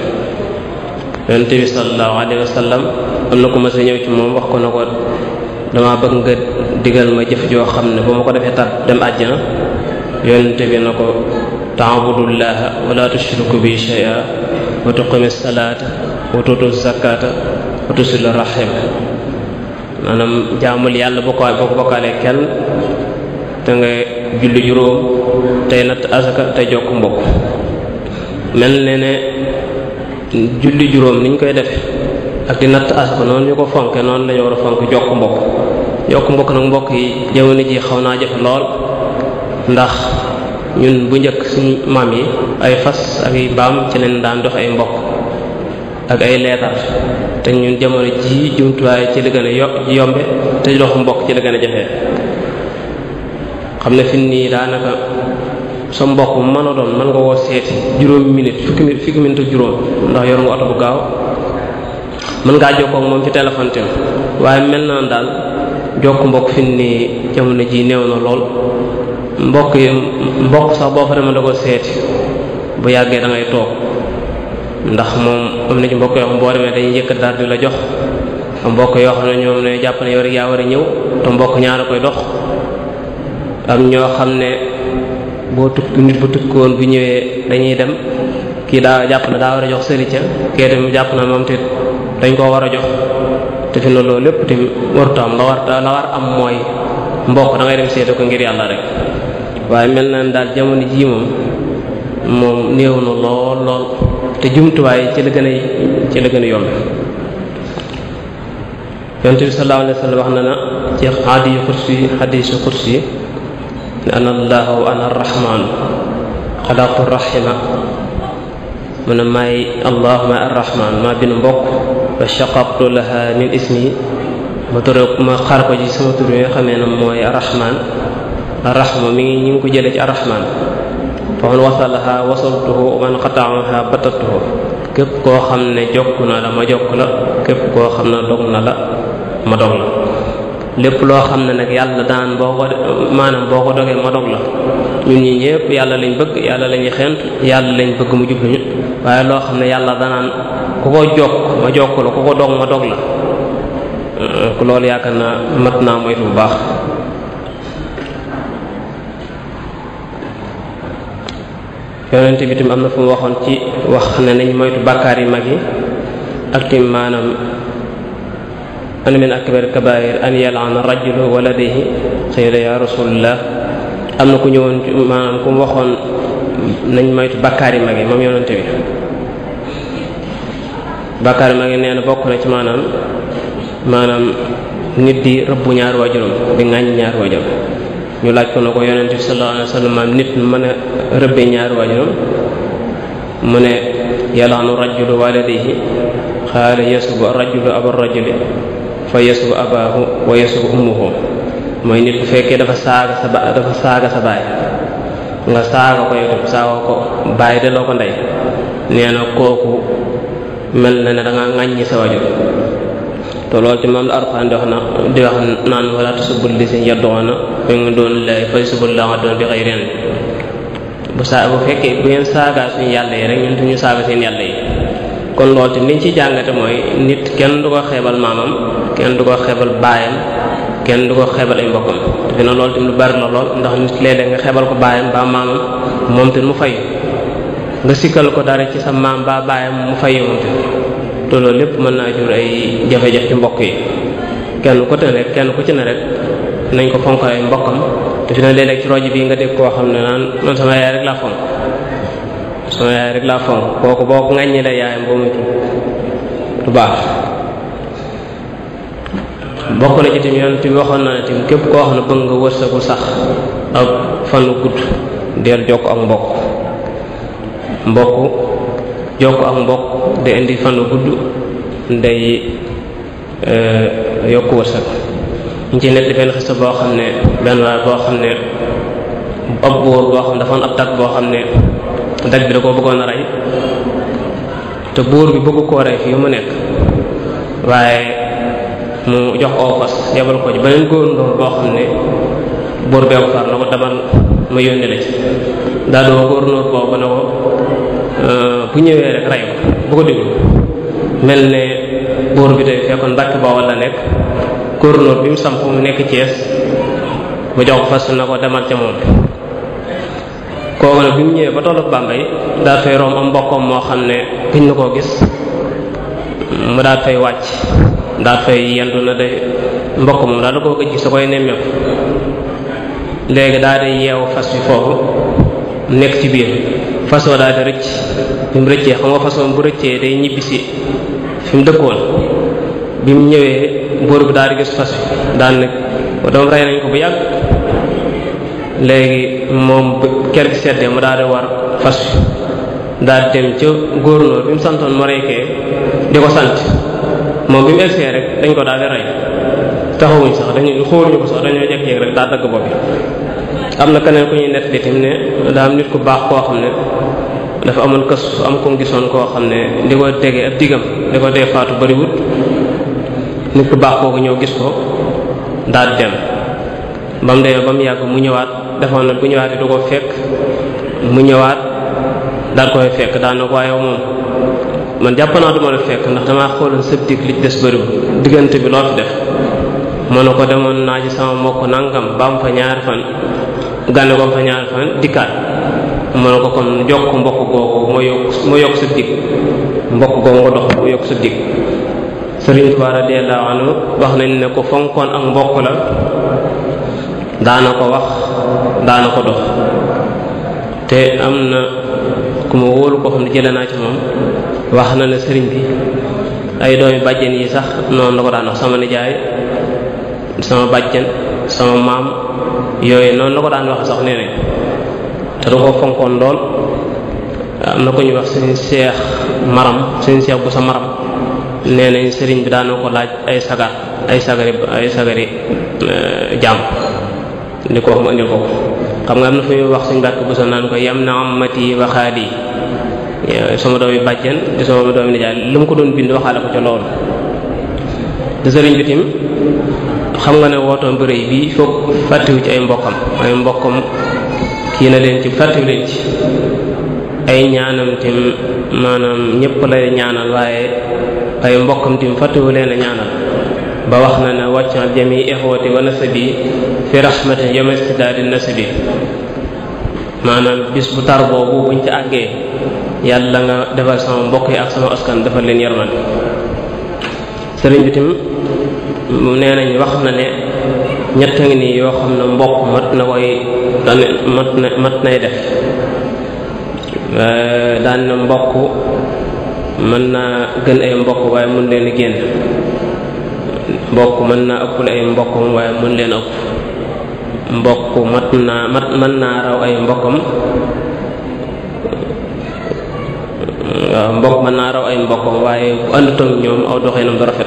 yonent bi sallallahu alayhi wa sallam am ñëw ci moom wax ko na ko dama bëgg nga digal ma jëf joo xam ne bu ma ko defee tat dem àjjana yonente bi na ko taabudullaha wala tushriku bi shay'a wa tuqimi salaata wa tutu zakata wa tusil rahim maanaam jaamul yàlla boo ko boo kenn te nga julli juróom tey natt asaka te jokk mbokk mel ne ne julli juróom niñ koy defe ak di natt asaka noonu ñu ko fonke noonu lañu war a fonk jokk mbokk yokk mbokk nag mbokk yi jamono ji xaw naa jafe lool ndax ñun bu njëkk suñu mam yi ay fas ak ay baam ci leen daan dox ay mbokk ak ay leetar te ñun jamono ji jumtuwaay ci la gën a yombe te dox mbokk ci la gën a jafe xam ne fi nii daanaka sa mbokk mën a doon mën nga woo seeti juróom minute fukki minute fukki minute juróom ndax yor nga bu gaaw mën ngaa jokkoo moom ci téléphone tam waaye mel na daal jokk mbokk fi ni jamono ji néew na lool mbokk yi mbokk sax boo fa dama da ko seeti bu yàggee da toog ndax moom am na ci mbokk yoo xam boo demee daal di la jox mbokk yoo xam ne ñoom ne jàpp ne yow rek yaa war a ñëw te mbokk ñaara koy dox am ñoo xam ne boo tukk nit bu tukk bu ñëwee dañuy dem kii daa jàpp na daa war a jox sëriñ ca kee tamit jàpp na moom te dañ koo war a jox te fi na loolu lépp tamit warut am la war la war am mooy mbokk da dem seete ko ngir yàlla rek waaye mel na daal jamono jii moom moom néew na lool lool te jumtuwaay ci la gën a ci la gën a yomb yonent bi sallallahu wax na na ci xadiyu xursi xadisu xursi ne ana wa ana arrahmaanu xalaqtu rahima mu ne maay allahu maay maa binu mbokk fa shaqaqtu laha min ismi ma toro ma xar ko ci sama tur yoo xamee ne mooy arrahman arrahma mi ngi ñu ngi ko jëlee ci arrahman fa man wasalaha wasaltuhu man qata'aha batatuhu képp koo xam ne jokk na la ma jokk la képp koo xam ne dog na la ma dog la lépp loo xam ne nag yàlla daan boo ko maanaam boo ko dogee ma dog la ñun ñi ñëpp yàlla lañ bëgg yàlla lañuy xent yàlla lañ bëgg mu jubluñu waaye loo xam ne yàlla danaan ku ko jokk ma jokk la ku ko dog ma dog la euh, loolu yaakaar na mat naa moytu bu baax yonent bi tam am na fu mu waxoon ci wax ne nañ moytu bàkkaar yi mag yi ak tim maanaam ana min akbar am na ku ñëwoon maanaam ku mu waxoon nañ moytu bàkkaar yi mag yi moom yonent bi Bakar ma ngi nee na bokk na ci maanaam maanaam nit di rëbb ñaar waajuram di ŋàññ ñaar waajuram ñu laaj ko na ko yonente bi sallallahu alayhi wasallam maam nit mën a rëbbee ñaar waajuram mu ne yalaanu rajulu walidayhi xaala yasubu rajulu aba rajuli fa yasubu abaahu wa yasubu ummuhu mooy nit bu fekkee dafa saaga sa dafa saaga sa baay nga saaga ko yow saaga ko baay daloo ko ndey nee kooku mel na ne da nga ŋàññi sa wajur te loolu ci moom la Alxuraan di wax na di wax naan wala tasubul li si yadduuna min duunillaahi fa yasubbullaaha adduuna bi bu saa bu fekkee bu ngeen saagaa suñu yàlla yi rek ñun duñu saaga seen yàlla yi kon loolu ci liñ ci jàngate mooy nit kenn du ko xeebal maamam kenn du ko xeebal baayam kenn du ko xeebal ay mbokkam te fi na lool tamit lu bari la lool ndax nit léeg-léeg nga ko baayam ba maamam mu fay nga sikkal ko dara ci sa maam ba baayam mu fay yowante te loolu lépp mën naa jur ay jafe-jafe ci mbokk yi kenn ku te kenn ku ci ne rek nañ ko fonk ay mbokkam te fi ne léeg-léeg ci rojo bii nga dégg koo xam ne naan man sama yaay rek laa fonk sama yaay rek laa fonk kooku boo ko ŋaññi yaayam boo mutu baax bokk na ci tim yoon ci waxoon naa ne tim képp koo xam ne bëgg nga wërsëgu sax ak fan gudd del jokk ak mbokk mbokk yokk ak mbokk da indi fan wu gudd day eh, yokk wërsëg ñu ci nekk benn xista boo xam ne benn waay boo xam ne ab góor boo xam dafa ab tag boo xam ne daj bi da koo bëggoon a rey te buur bi bëgg koo rey fii mu nekk waaye mu jox ko fas yebal ko ci beneen góor ndox boo xam ne buur bee ko far na ko demal ma yónni la ci daa doo góor ndox boobu ne ko bu ñëwee rek ray bu ko déglu mel ne buur bi de fekkoon mbàkk Bawol la nekk gouverneur bi mu samp mu nekk Thiès mu jox ko fas na ko demal ca moom kooku nag bi mu ñëwee ba tollu Bambey daal fay moo xam ne biñ na koo gis mu daal fay wàcc daal fay yendu na de mbokk moom daal da ko gëj gis da koy nemmeeku léegi daal di yeewu fas bi foofu nekk ci biir fasoo daal di rëcc bi mu rëccee xam nga façon bu rëccee day ñibbisi fi mu dëkkoon bi mu ñëwee buur bi daal di gis fas bi daan nag doom rey nañ ko bu yàgg léegi moom ker seddee mu daal di war fas bi daal di dem ca góornóor bi mu santoon mu reykee di ko sant moom bi mu egsee rek dañ ko daal di rey taxawuñ sax dañu xóoruñu ko sax dañoo jekk-jekk rek daa dagg bopp am na keneen ku ñuy nett litim ne daa am nit ku baax koo xam ne dafa amoon kës am ko gisoon koo xam ne di ko tegee ab diggam di ko dee faatu bariwut nit ku baax kooku ñëw gis ko daal di dem ba mu demee ba mu yàgg mu ñëwaat defoon na bu ñëwaatee du ko fekk mu ñëwaat daal koy fekk daan na ko waaye man jàpp naa du ma la fekk ndax damaa xooloon sëb dig des bëriwul diggante bi loo fi def mën na ko demoon naa ci sama mbokk nangam ba mu fa ñaari fan gànne ko fa ñaari fan dikkaat mu ne ko kon jokk mbokk googu moo yokk moo yokk mbokk googu nga dox moo yokk sa dig sëriñ Tuubaa radiyallahu anhu wax nañ ne ko fonkoon ak mbokk la daana ko wax daana ko dox te am na ku ma wóolu ko xam ne jële naa ci moom wax na ne sëriñ bi ay doomi bàjjen yi sax noonu la ko daan wax sama nijaay sama bàjjen sama maam yooyu noonu la ko daan wax sax nee nañ te da koo fonkoon lool am na ko ñuy wax sëriñ seex maram sëriñ seex bu sa maram nee nañ sëriñ bi daana ko laaj ay sagar ay sagari ay sagari euh, jàmm ni ko wax mu indi ko xam nga am na fu ñuy wax suñ bàkk bu sa naan ko yam na amati waxaadi sama doomi bàjjen di sama doomi nijaay lu mu ko doon bind waxaale ko ca loolu te sëriñ bi xam nga ne wootoo mbërëy bii foog fàttiwu ci ay mbokkam ay mbokkam dina leen ci fàttiwu leen ci ay ñaanam tim maanaam ñépp lay ñaanal waaye ay mbokkam tim fàttiwu leen a ñaanal ba wax na ne wàccal jami ixwati wa nasabi fi rahmatin yamastidadi nasabi maanaam bis bu tar boobu buñ ci àggee yàlla nga defal sama mbokk yi ak sama askan defal leen yarman sëriñ bi nee nañ wax na ne ñett ngi nii yoo xam ne mbokk mat na koy mat na mat nay def daan mbokk mën naa gën ay mbokk waaye mën leen génn mbokk mën naa ëppul ay mbokkam waaye mën leen ëpp mbokk mat naa mën naa raw ay mbokkam waaw mbokk mën naa raw ay mbokkam waaye bu àndutoog ñoom aw doxinam du rafet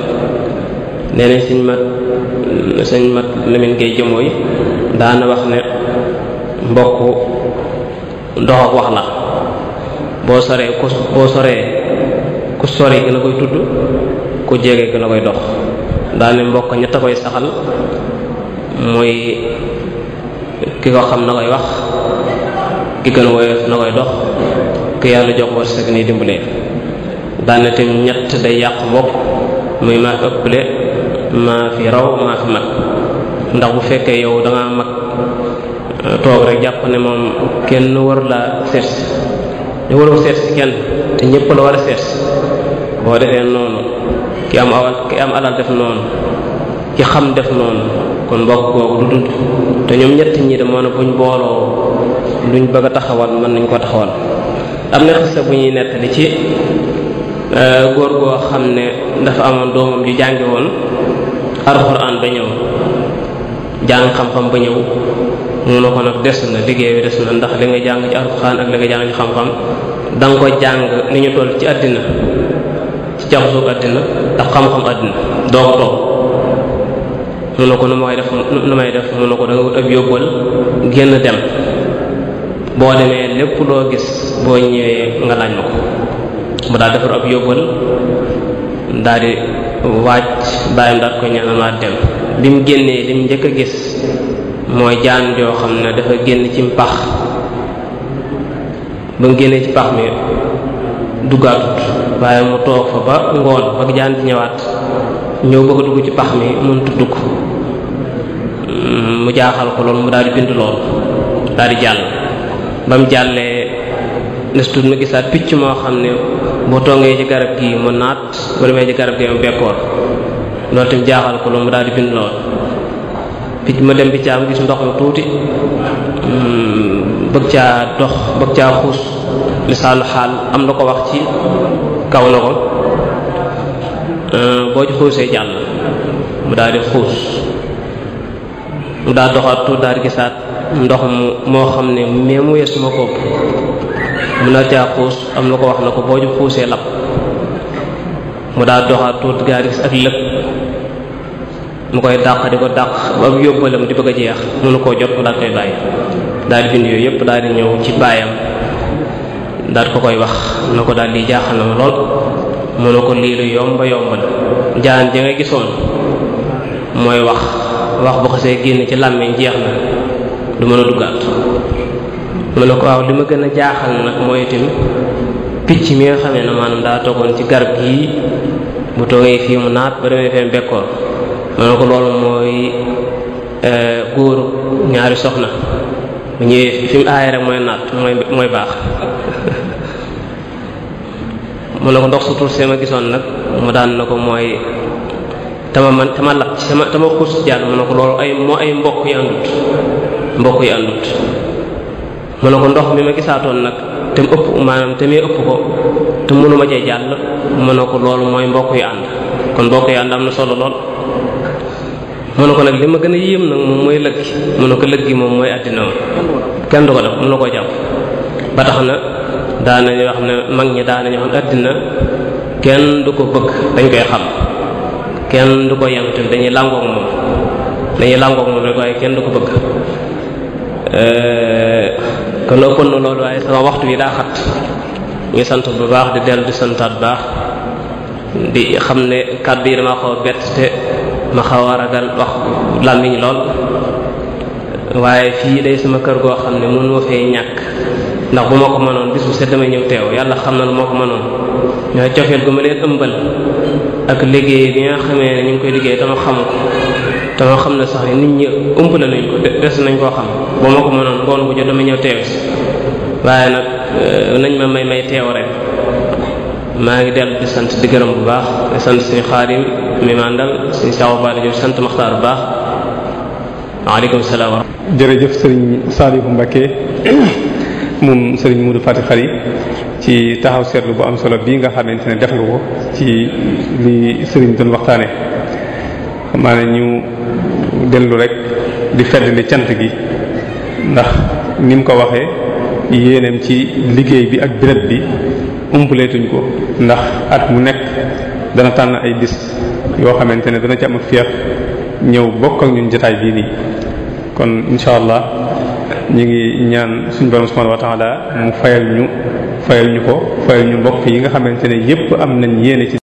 nee nañ mat sëñ mat Lamine Gueye jëmooy daana wax ne mbokk dox ak wax la boo soree ku boo gën a koy tudd ku jege gën a koy dox daane mbokk ñett a koy saxal muy ki ko xam na koy wax ki gën woyof na koy dox ki yàlla jox wërsëg ni dimbalee daane tamit ñett day yàq mbokk muy maa fi ëpple maa fi raw maa fi mag ndax bu fekkee yow da ngaa mag toog rek jàpp ne moom kenn war laa seet si waroo seet si kenn te ñëpp la war a seet boo defee noonu ki am awal ki am alal def noonu ki xam def noonu kon mbokk kooku du dund te ñoom ñett ñi de moo ne buñ booloo luñ bëgg a taxawal mën nañ ko taxawal am na xisa bu ñuy nettali ci euh, góor goo xam ne dafa amoon doomam yu jàngewoon woon alxuraan ba ñëw jàng xam-xam ba ñëw mu ne ko nag des na liggéey bi des na ndax li nga jàng ci alxuraan ak li nga jàng ci xam-xam da ko jàng ni ñu toll ci àddina ci jaxasoo àddina ak xam-xam àddina doo ko toog mu ne ko nu may def nu may def mu ne ko da nga wut ab yóbbal génn dem boo demee lépp loo gis boo ñëwee nga laaj ma ko mu daal defar ab yóbbal daal di waaj bàyyam daal ko ñaanal dem bi mu génnee li mu njëkk a gis mooy jaan joo xam ne dafa génn ci pax ba mu génnee ci pax mi duggaatut waaye mu toog fa ba ngoon ba jaan di ñëwaat ñëw bëgg a dugg ci pax mi mënut dugg mm, mu jaaxal ko loolu mu daal di bind lool daal di jàll ba mu jàllee nes tuut ma gisaat picc moo xam ne boo tongee ci garab gi mu naat boo demee ci garab gi mu bekkoor loolu tamit jaaxal ko loolu mu daal di bind lool picc ma dem piccaam gis ndox lu tuuti hmm, bëgg caa dox bëgg caa xuus lisaalu xaal am na ko wax ci kaw na ko euh, boo ci xuusee jàll mu daal di xuus mu daal doxaat tuuti daal di gisaat ndox mu moo xam ne mais mu weesu ma kóob mu nar caa xuus am na ko wax na ko boo ci xuusee lab mu daal doxaat tuuti daal di gis ak lëkk mu koy dàq di ko dàq ba mu di bëgg a jeex mënu koo jot mu daal koy bàyyi daal di bind yooyu yëpp daal di ñëw ci baayam daal ko koy wax na ko daal di jaaxal na lool mu ne ko lii lu yomba yomba la jaan nga gisoon mooy wax wax bu xasee génn ci làmmiñ jeex na du mën a duggaat mu ne ko waaw li ma gën a jaaxal nag mooy itam picc mi nga xamee ne maanaam daa toogoon ci garab gii bu toogee fii mu naat ba demee fee mbekkoor ma ne ko loolu mooy e, góor ñaari soxna mu ñëwee fi mu aaya rek mooy naat mooy mooy baax mën ne ko ndox su tur see ma gisoon nag mu daan na ko mooy tama man tama lap ci sama tama xuus ci jàll ko loolu ay ay mbokk yi mbokk yi àndut mu ne ko ndox mi ma gisaatoon nag te mu ëpp maanaam te muy ëpp ko te mënuma cee jàll mu ne ko loolu mooy mbokk yi ànd kon mbokk yi ànd am na solo lool mu ne ko nag li ma gën a yéem nag moom mooy lëg gi mu ne ko lëg gi moom mooy àddina moom kenn du ko def mu ne koo jàpp ba tax na daanañu wax ne mag ñi daanañu wax ne àddina kenn du ko bëgg dañ koy xam kenn du ko yam tamit dañuy làngoog moom dañuy làngoog moom rek waaye kenn du ko bëgg euh, kon ëppoon na loolu waaye sama waxtu bi daa xat ñu sant bu baax di dellu di santaat baax di xam ne kàddu bi dama xaw bett te ma xaw a ragal wax làmmiñ lool waaye fii day sama kër goo xam ne mënuma fee ñàkk ndax bu ma ko mënoon bis bu set dama ñëw teew yàlla xam na lu ma ko mënoon ñoo cofeel gu ma leen ëmbal ak liggéey bi nga xamee ne ñu ngi koy liggéey dama xamu ko te dama xam ne sax nit ñi umpale nañ ko des nañ koo xam bu ma ko mënoon ngoon bu jot dama ñëw teew si waaye nag euh, nañ ma may may teew rek maa ngi dellu di sant di gërëm bu baax di sant suñu xaarim mi ma àndal suñu saxu baale di sant maxtaar bu baax waaleykum salaam jërëjëf sëriñ Saliou Mbacké moom sëriñ Moudou Fati Khari ci taxaw seetlu bu am solo bii nga xamante ne def nga ko ci li sëriñ doon waxtaane xam na ñu dellu rek di feddali cant gi ndax ni mu ko waxee yéeneem ci liggéey bi ak béréb bi umpaleetuñ ko. ndax at mu nekk dana tànn ay bis yoo xamante ne dana jàmm am ñëw bokk ak ñun jotaay bii nii kon incha allah ñu ngi ñaan suñ borom subhanahu wa ta'ala mu fayal ñu fayal ñu ko fayal ñu mbokk yi nga xamante ne yépp am nañ yéene ci